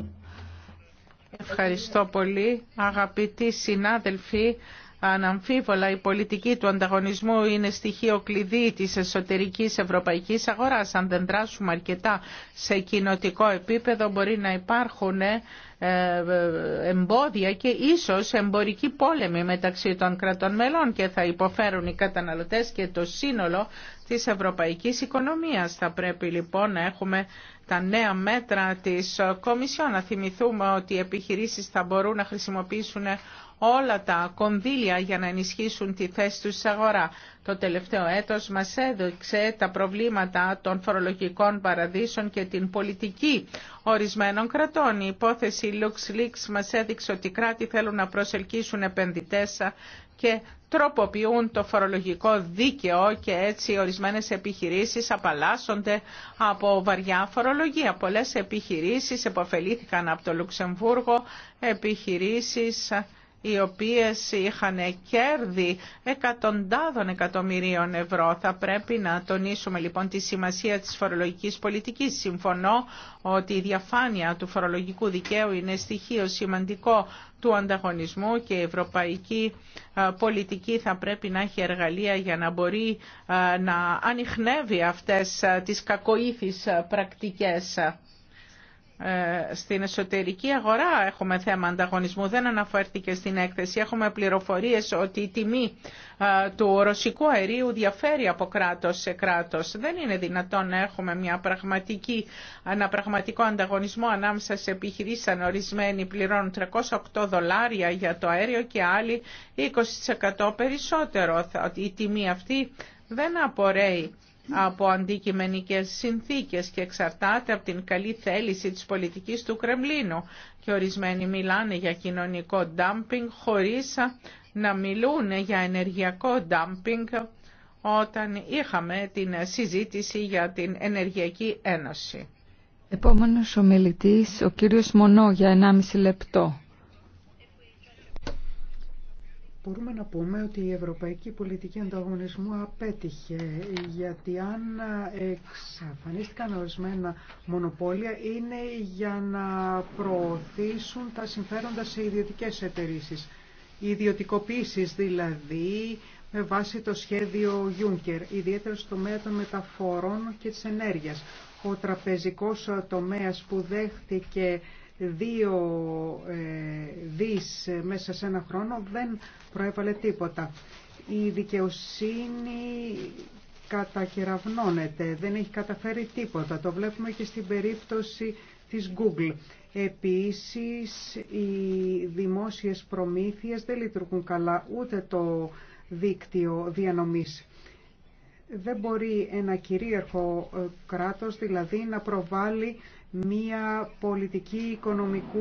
Ευχαριστώ πολύ. Αγαπητοί συνάδελφοι, Αναμφίβολα η πολιτική του ανταγωνισμού είναι στοιχείο κλειδί της εσωτερικής ευρωπαϊκής αγοράς. Αν δεν δράσουμε αρκετά σε κοινοτικό επίπεδο μπορεί να υπάρχουν ε, εμπόδια και ίσως εμπορική πόλεμη μεταξύ των κρατών μελών και θα υποφέρουν οι καταναλωτές και το σύνολο της ευρωπαϊκής οικονομίας. Θα πρέπει λοιπόν να έχουμε τα νέα μέτρα της Κομισιόν. Να θυμηθούμε ότι οι επιχειρήσεις θα μπορούν να χρησιμοποιήσουν όλα τα κονδύλια για να ενισχύσουν τη θέση τους σε αγορά. Το τελευταίο έτος μας έδειξε τα προβλήματα των φορολογικών παραδείσων και την πολιτική ορισμένων κρατών. Η υπόθεση LuxLeaks μας έδειξε ότι οι κράτη θέλουν να προσελκύσουν επενδυτές και τροποποιούν το φορολογικό δίκαιο και έτσι ορισμένες επιχειρήσεις απαλλάσσονται από βαριά φορολογία. Πολλές επιχειρήσεις επωφελήθηκαν από το Λουξεμβούργο, επιχειρήσεις οι οποίες είχαν κέρδη εκατοντάδων εκατομμυρίων ευρώ. Θα πρέπει να τονίσουμε λοιπόν τη σημασία της φορολογικής πολιτικής. Συμφωνώ ότι η διαφάνεια του φορολογικού δικαίου είναι στοιχείο σημαντικό του ανταγωνισμού και η ευρωπαϊκή πολιτική θα πρέπει να έχει εργαλεία για να μπορεί να ανοιχνεύει αυτές τις κακοήθεις πρακτικές ε, στην εσωτερική αγορά έχουμε θέμα ανταγωνισμού, δεν αναφέρθηκε στην έκθεση. Έχουμε πληροφορίες ότι η τιμή ε, του ρωσικού αερίου διαφέρει από κράτος σε κράτος. Δεν είναι δυνατόν να έχουμε μια πραγματική, ένα πραγματικό ανταγωνισμό ανάμεσα σε επιχειρήσεις αν ορισμένοι πληρώνουν 308 δολάρια για το αέριο και άλλοι 20% περισσότερο. Η τιμή αυτή δεν απορρέει από αντικειμενικές συνθήκες και εξαρτάται από την καλή θέληση της πολιτικής του Κρεμλίνου και ορισμένοι μιλάνε για κοινωνικό ντάμπινγκ χωρίς να μιλούν για ενεργειακό ντάμπινγκ όταν είχαμε την συζήτηση για την Ενεργειακή Ένωση. Επόμενος ομιλητής, ο κύριος Μονό για 1,5 λεπτό. Μπορούμε να πούμε ότι η ευρωπαϊκή πολιτική ανταγωνισμού απέτυχε γιατί αν εξαφανίστηκαν ορισμένα μονοπόλια είναι για να προωθήσουν τα συμφέροντα σε ιδιωτικές εταιρείες. Ιδιωτικοποίησεις δηλαδή με βάση το σχέδιο Juncker, ιδιαίτερα στο τομέα των μεταφορών και της ενέργειας. Ο τραπεζικός τομέας που δέχτηκε δύο ε, δις μέσα σε ένα χρόνο δεν προέβαλε τίποτα. Η δικαιοσύνη κατακεραυνώνεται, δεν έχει καταφέρει τίποτα. Το βλέπουμε και στην περίπτωση της Google. Επίσης, οι δημόσιες προμήθειες δεν λειτουργούν καλά, ούτε το δίκτυο διανομής. Δεν μπορεί ένα κυρίαρχο ε, κράτος, δηλαδή, να προβάλλει μία πολιτική οικονομικού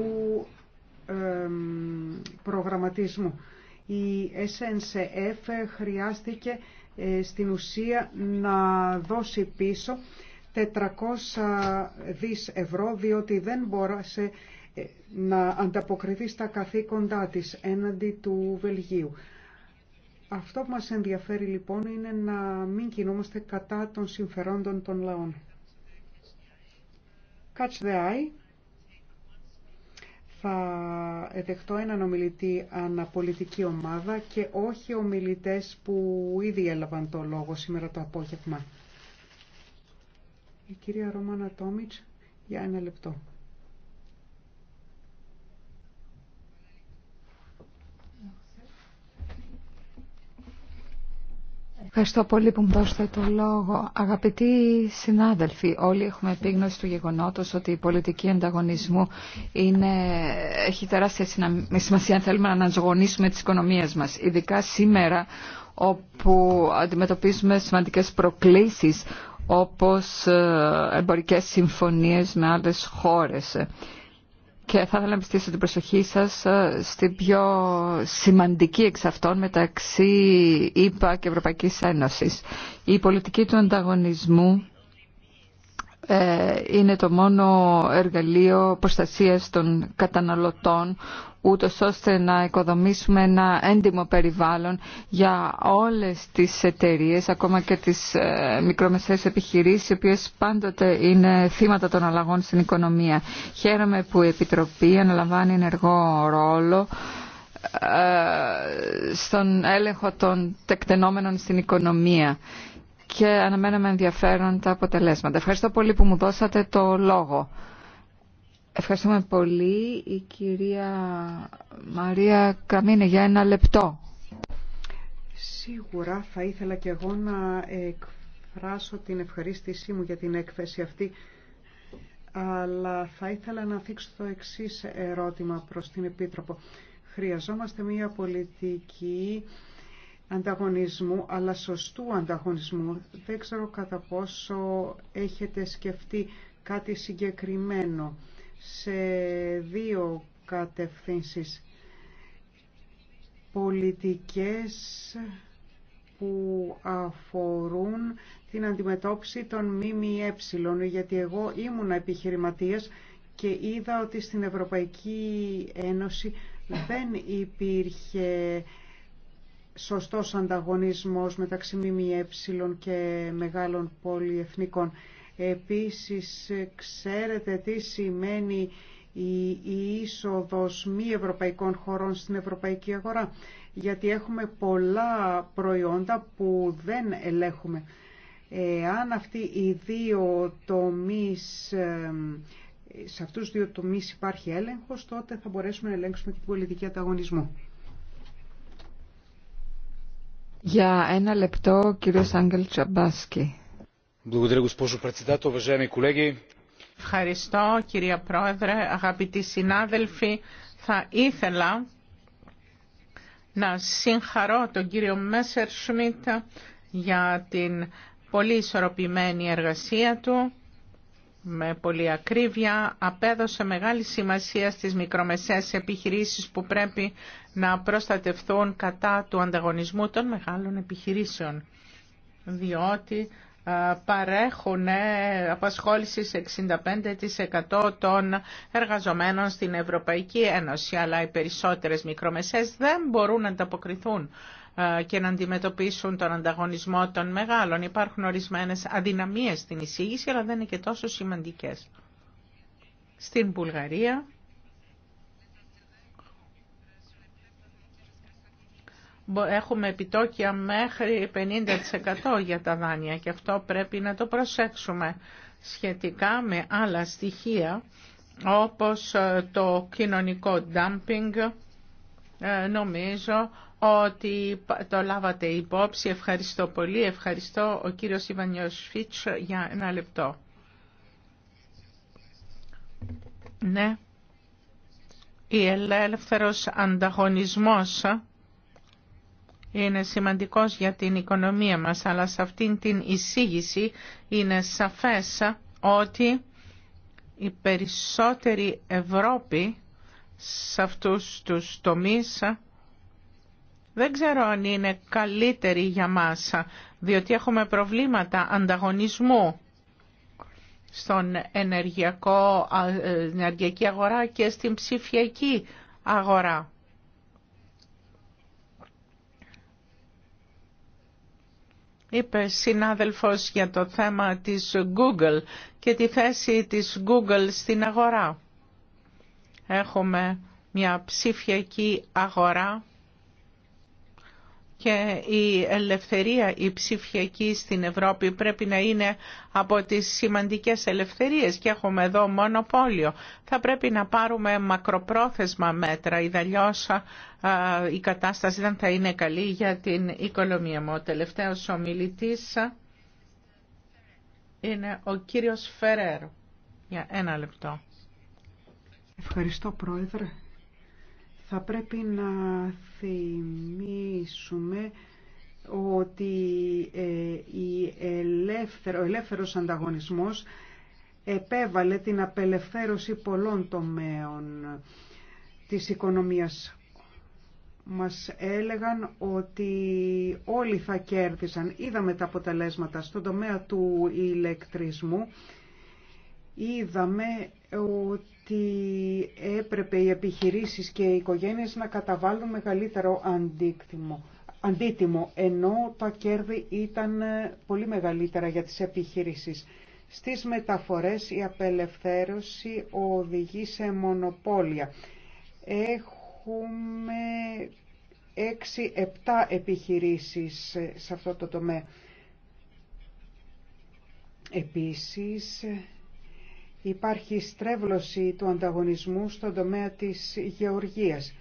προγραμματισμού. Η SNCF χρειάστηκε ε, στην ουσία να δώσει πίσω 400 δις ευρώ διότι δεν μπόρασε ε, να ανταποκριθεί στα καθήκοντά της έναντι του Βελγίου. Αυτό που μας ενδιαφέρει λοιπόν είναι να μην κινούμαστε κατά των συμφερόντων των λαών. Catch the Eye. Θα δεχτώ έναν ομιλητή αναπολιτική ομάδα και όχι ομιλητές που ήδη έλαβαν το λόγο σήμερα το απόγευμα. Η κυρία Ρωμάνα Τόμιτς για ένα λεπτό. Ευχαριστώ πολύ που μου δώσετε το λόγο. Αγαπητοί συνάδελφοι, όλοι έχουμε επίγνωση του γεγονότος ότι η πολιτική ανταγωνισμού είναι, έχει τεράστια σημασία αν θέλουμε να αναζωογονήσουμε τις οικονομίες μας. Ειδικά σήμερα όπου αντιμετωπίζουμε σημαντικές προκλήσεις όπως ε, εμπορικές συμφωνίες με άλλες χώρες και θα ήθελα να πιστήσω την προσοχή σας ε, στην πιο σημαντική εξ αυτών μεταξύ ΕΠΑ ΕΕ και Ευρωπαϊκής Ένωσης. Η πολιτική του ανταγωνισμού ε, είναι το μόνο εργαλείο προστασίας των καταναλωτών ούτω ώστε να οικοδομήσουμε ένα έντιμο περιβάλλον για όλες τις εταιρείε, ακόμα και τις ε, μικρομεσαίες επιχειρήσεις, οι οποίες πάντοτε είναι θύματα των αλλαγών στην οικονομία. Χαίρομαι που η Επιτροπή αναλαμβάνει ενεργό ρόλο ε, στον έλεγχο των τεκτενόμενων στην οικονομία και αναμένω με ενδιαφέρον τα αποτελέσματα. Ευχαριστώ πολύ που μου δώσατε το λόγο. Ευχαριστούμε πολύ. Η κυρία Μαρία Καμίνε για ένα λεπτό. Σίγουρα θα ήθελα και εγώ να εκφράσω την ευχαρίστησή μου για την έκθεση αυτή, αλλά θα ήθελα να θίξω το εξής ερώτημα προς την Επίτροπο. Χρειαζόμαστε μια πολιτική ανταγωνισμού, αλλά σωστού ανταγωνισμού. Δεν ξέρω κατά πόσο έχετε σκεφτεί κάτι συγκεκριμένο σε δύο κατευθύνσεις. Πολιτικές που αφορούν την αντιμετώπιση των ΜΜΕ, γιατί εγώ ήμουν επιχειρηματίας και είδα ότι στην Ευρωπαϊκή Ένωση δεν υπήρχε σωστός ανταγωνισμός μεταξύ ΜΜΕ και μεγάλων πολυεθνικών. Επίσης, ξέρετε τι σημαίνει η είσοδος μη ευρωπαϊκών χωρών στην ευρωπαϊκή αγορά, γιατί έχουμε πολλά προϊόντα που δεν ελέγχουμε. Αν αυτοί οι δύο τομείς, σε αυτούς τους δύο τομείς υπάρχει έλεγχος, τότε θα μπορέσουμε να ελέγξουμε την πολιτική ανταγωνισμού. Για ένα λεπτό, κύριο κύριος Άγγελ Τσαμπάσκι. Ευχαριστώ, κυρία Πρόεδρε, αγαπητοί συνάδελφοι. Θα ήθελα να συγχαρώ τον κύριο Μέσερ Σμιτ για την πολύ ισορροπημένη εργασία του με πολύ ακρίβεια απέδωσε μεγάλη σημασία στις μικρομεσές επιχειρήσεις που πρέπει να προστατευθούν κατά του ανταγωνισμού των μεγάλων επιχειρήσεων διότι παρέχουν ε, απασχόληση σε 65% των εργαζομένων στην Ευρωπαϊκή Ένωση, αλλά οι περισσότερες μικρομεσαίες δεν μπορούν να ανταποκριθούν ε, και να αντιμετωπίσουν τον ανταγωνισμό των μεγάλων. Υπάρχουν ορισμένες αδυναμίες στην εισήγηση, αλλά δεν είναι και τόσο σημαντικές. Στην Βουλγαρία έχουμε επιτόκια μέχρι 50% για τα δάνεια και αυτό πρέπει να το προσέξουμε σχετικά με άλλα στοιχεία όπως ε, το κοινωνικό dumping ε, νομίζω ότι το λάβατε υπόψη. Ευχαριστώ πολύ. Ευχαριστώ ο κύριος Ιβανιός Φίτς για ένα λεπτό. Ναι. Η ελεύθερος ανταγωνισμός είναι σημαντικός για την οικονομία μας, αλλά σε αυτήν την εισήγηση είναι σαφές ότι η περισσότερη Ευρώπη σε αυτούς τους τομείς δεν ξέρω αν είναι καλύτερη για μας, διότι έχουμε προβλήματα ανταγωνισμού στον ενεργειακό, ε, ενεργειακή αγορά και στην ψηφιακή αγορά. Είπε συνάδελφος για το θέμα της Google και τη θέση της Google στην αγορά. Έχουμε μια ψηφιακή αγορά και η ελευθερία η ψηφιακή στην Ευρώπη πρέπει να είναι από τις σημαντικές ελευθερίες και έχουμε εδώ μονοπόλιο. Θα πρέπει να πάρουμε μακροπρόθεσμα μέτρα, ιδαλλιώς η κατάσταση δεν θα είναι καλή για την οικονομία μου. Ο τελευταίος ομιλητής είναι ο κύριος Φερέρο. Για ένα λεπτό. Ευχαριστώ Πρόεδρε. Θα πρέπει να θυμίσουμε ότι ε, η ελεύθερο, ο ελεύθερος ανταγωνισμός επέβαλε την απελευθέρωση πολλών τομέων της οικονομίας. Μας έλεγαν ότι όλοι θα κέρδισαν. Είδαμε τα αποτελέσματα στον τομέα του ηλεκτρισμού είδαμε ότι έπρεπε οι επιχειρήσεις και οι οικογένειες να καταβάλουν μεγαλύτερο αντίκτυμο. Αντίτιμο, ενώ τα κέρδη ήταν πολύ μεγαλύτερα για τις επιχειρήσεις. Στις μεταφορές η απελευθέρωση οδηγεί σε μονοπόλια. Έχουμε 6-7 επιχειρήσεις σε αυτό το τομέα. Επίσης, υπάρχει στρέβλωση του ανταγωνισμού στον τομέα της γεωργίας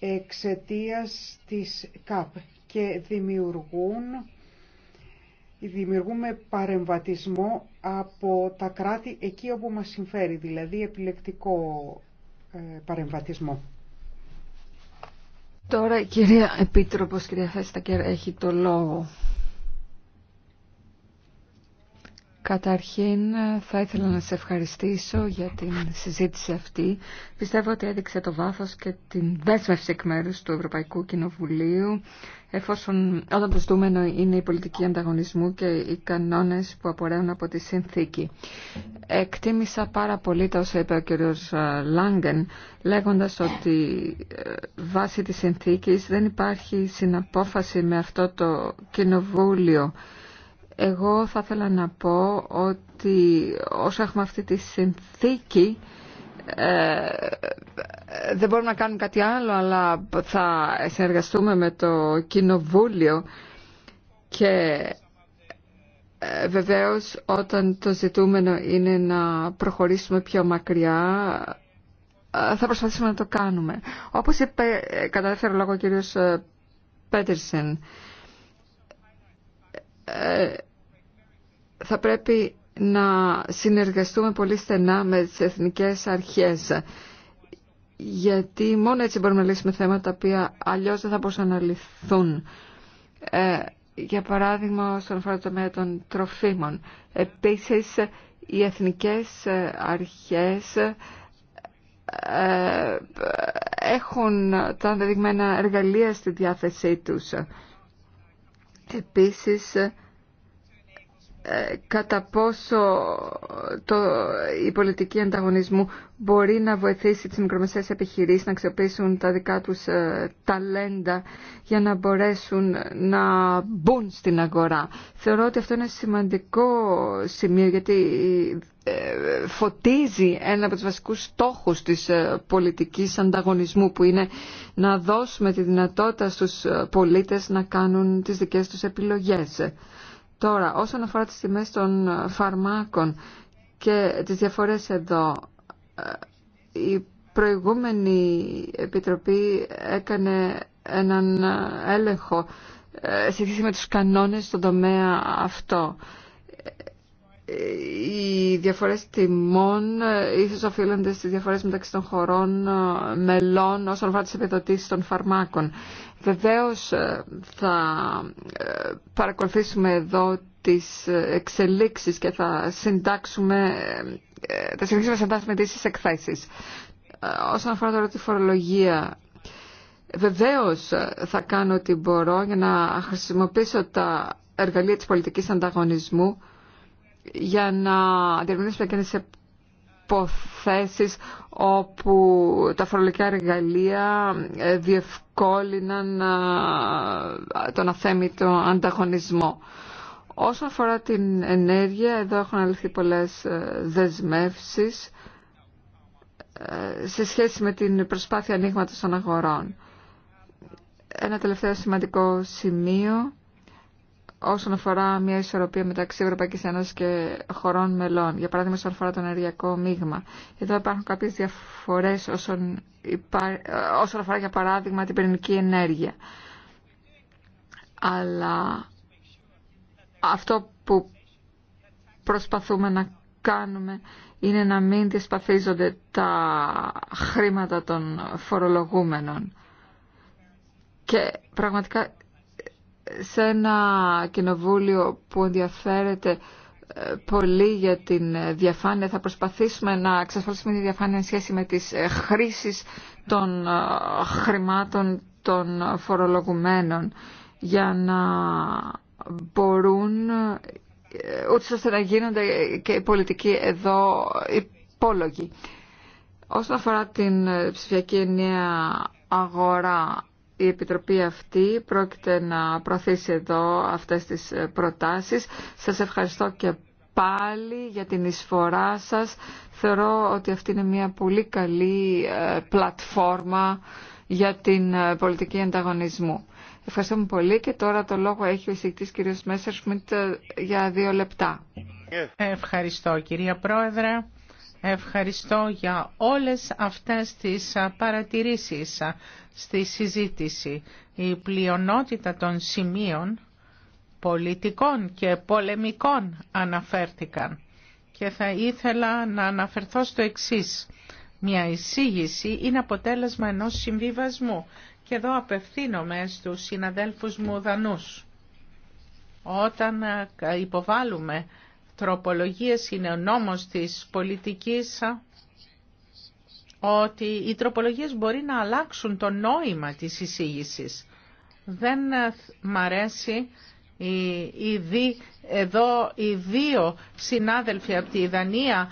εξαιτίας της ΚΑΠ και δημιουργούν, δημιουργούμε παρεμβατισμό από τα κράτη εκεί όπου μας συμφέρει, δηλαδή επιλεκτικό ε, παρεμβατισμό. Τώρα κυρία Επίτροπος, κυρία Φέστακερ, έχει το λόγο. Καταρχήν θα ήθελα να σε ευχαριστήσω για την συζήτηση αυτή. Πιστεύω ότι έδειξε το βάθος και την δέσμευση εκ μέρους του Ευρωπαϊκού Κοινοβουλίου εφόσον όταν το ζητούμενο είναι η πολιτική ανταγωνισμού και οι κανόνες που απορρέουν από τη συνθήκη. Εκτίμησα πάρα πολύ τα όσα είπε ο κ. Ε, Λάγκεν λέγοντας ότι ε, βάσει της συνθήκης δεν υπάρχει συναπόφαση με αυτό το κοινοβούλιο εγώ θα ήθελα να πω ότι όσο έχουμε αυτή τη συνθήκη ε, δεν μπορούμε να κάνουμε κάτι άλλο αλλά θα συνεργαστούμε με το Κοινοβούλιο και ε, βεβαίως όταν το ζητούμενο είναι να προχωρήσουμε πιο μακριά ε, θα προσπαθήσουμε να το κάνουμε. Όπως είπε ε, κατά δεύτερο λόγο ο κύριος Πέτερσεν θα πρέπει να συνεργαστούμε πολύ στενά με τις εθνικές αρχές γιατί μόνο έτσι μπορούμε να λύσουμε θέματα τα οποία αλλιώς δεν θα μπορούσαν να λυθούν. Ε, για παράδειγμα, στον αφορά το τομέα των τροφίμων. Επίσης, οι εθνικές αρχές ε, έχουν τα δεδειγμένα εργαλεία στη διάθεσή τους. Επίσης, ε, κατά πόσο το, η πολιτική ανταγωνισμού μπορεί να βοηθήσει τις μικρομεσαίες επιχειρήσεις να αξιοποιήσουν τα δικά τους ε, ταλέντα για να μπορέσουν να μπουν στην αγορά. Θεωρώ ότι αυτό είναι σημαντικό σημείο γιατί ε, φωτίζει ένα από τους βασικούς στόχους της ε, πολιτικής ανταγωνισμού που είναι να δώσουμε τη δυνατότητα στους πολίτες να κάνουν τις δικές τους επιλογές. Τώρα, όσον αφορά τις τιμές των ε, φαρμάκων και τις διαφορές εδώ, ε, η προηγούμενη Επιτροπή έκανε έναν ε, έλεγχο σε σχέση με τους κανόνες στον τομέα αυτό οι διαφορές τιμών ίσως οφείλονται στις διαφορές μεταξύ των χωρών ε, μελών όσον αφορά τις επιδοτήσεις των φαρμάκων. Βεβαίως ε, θα ε, παρακολουθήσουμε εδώ τις εξελίξεις και θα συντάξουμε, θα συνεχίσουμε να συντάξουμε τις εκθέσεις. Όσον αφορά τώρα τη φορολογία, βεβαίως θα κάνω ό,τι μπορώ για να χρησιμοποιήσω τα εργαλεία της πολιτικής ανταγωνισμού για να αντιμετωπίσουμε και τις υποθέσεις όπου τα φορολογικά εργαλεία διευκόλυναν τον αθέμητο ανταγωνισμό. Όσον αφορά την ενέργεια, εδώ έχουν αληθεί πολλές ε, δεσμεύσεις ε, σε σχέση με την προσπάθεια ανοίγματος των αγορών. Ένα τελευταίο σημαντικό σημείο όσον αφορά μια ισορροπία μεταξύ Ευρωπαϊκή Ένωση και χωρών μελών, για παράδειγμα όσον αφορά το ενεργειακό μείγμα. Εδώ υπάρχουν κάποιες διαφορές όσον, υπά... Ε, όσον αφορά για παράδειγμα την πυρηνική ενέργεια. Αλλά αυτό που προσπαθούμε να κάνουμε είναι να μην διασπαθίζονται τα χρήματα των φορολογούμενων. Και πραγματικά σε ένα κοινοβούλιο που ενδιαφέρεται ε, πολύ για την ε, διαφάνεια. Θα προσπαθήσουμε να εξασφαλίσουμε τη διαφάνεια σχέση με τις ε, χρήσεις των χρημάτων των φορολογουμένων για να μπορούν ούτως ώστε να γίνονται και οι πολιτικοί εδώ υπόλογοι. Όσον αφορά την ψηφιακή ενιαία αγορά, η Επιτροπή αυτή πρόκειται να προωθήσει εδώ αυτές τις ε, προτάσεις. Σας ευχαριστώ και πάλι για την εισφορά σας. Θεωρώ ότι αυτή είναι μια πολύ καλή ε, πλατφόρμα για την ε, πολιτική ανταγωνισμού. Ευχαριστούμε πολύ και τώρα το λόγο έχει ο εισηγητής κ. Μέσσερσμιτ για δύο λεπτά. Ευχαριστώ κυρία Πρόεδρε. Ευχαριστώ για όλες αυτές τις παρατηρήσεις στη συζήτηση. Η πλειονότητα των σημείων πολιτικών και πολεμικών αναφέρθηκαν. Και θα ήθελα να αναφερθώ στο εξής. Μια εισήγηση είναι αποτέλεσμα ενός συμβιβασμού. Και εδώ απευθύνομαι στους συναδέλφους μου Δανούς. Όταν υποβάλλουμε τροπολογίες είναι ο νόμος της πολιτικής ότι οι τροπολογίες μπορεί να αλλάξουν το νόημα της εισήγησης. Δεν μ' αρέσει εδώ οι δύο συνάδελφοι από τη Δανία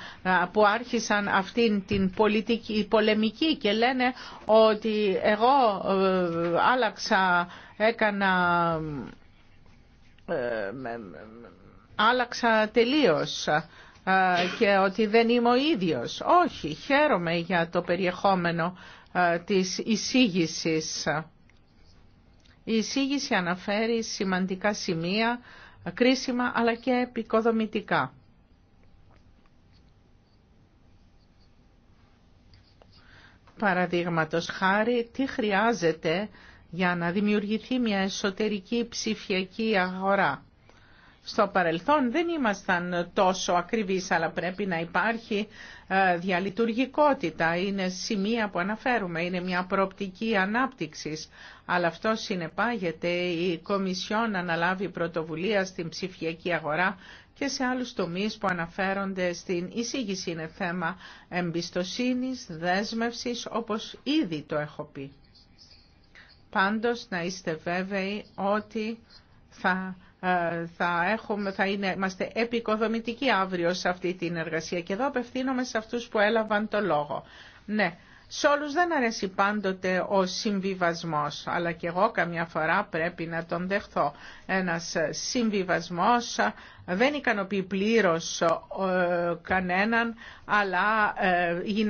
που άρχισαν αυτήν την πολιτική, πολεμική και λένε ότι εγώ ε, άλλαξα, έκανα ε, άλλαξα τελείως και ότι δεν είμαι ο ίδιος. Όχι, χαίρομαι για το περιεχόμενο της εισήγησης. Η εισήγηση αναφέρει σημαντικά σημεία, κρίσιμα αλλά και επικοδομητικά. Παραδείγματος χάρη, τι χρειάζεται για να δημιουργηθεί μια εσωτερική ψηφιακή αγορά στο παρελθόν δεν ήμασταν τόσο ακριβείς, αλλά πρέπει να υπάρχει ε, διαλειτουργικότητα. Είναι σημεία που αναφέρουμε, είναι μια προοπτική ανάπτυξης. Αλλά αυτό συνεπάγεται η Κομισιόν αναλάβει πρωτοβουλία στην ψηφιακή αγορά και σε άλλους τομείς που αναφέρονται στην εισήγηση. Είναι θέμα εμπιστοσύνης, δέσμευσης, όπως ήδη το έχω πει. Πάντως να είστε βέβαιοι ότι θα ε, θα, έχουμε, θα είναι, είμαστε επικοδομητικοί αύριο σε αυτή την εργασία και εδώ απευθύνομαι σε αυτούς που έλαβαν το λόγο. Ναι, σε όλους δεν αρέσει πάντοτε ο συμβιβασμός, αλλά και εγώ καμιά φορά πρέπει να τον δεχθώ. Ένας συμβιβασμός δεν ικανοποιεί πλήρως ε, κανέναν, αλλά ε, γίνεται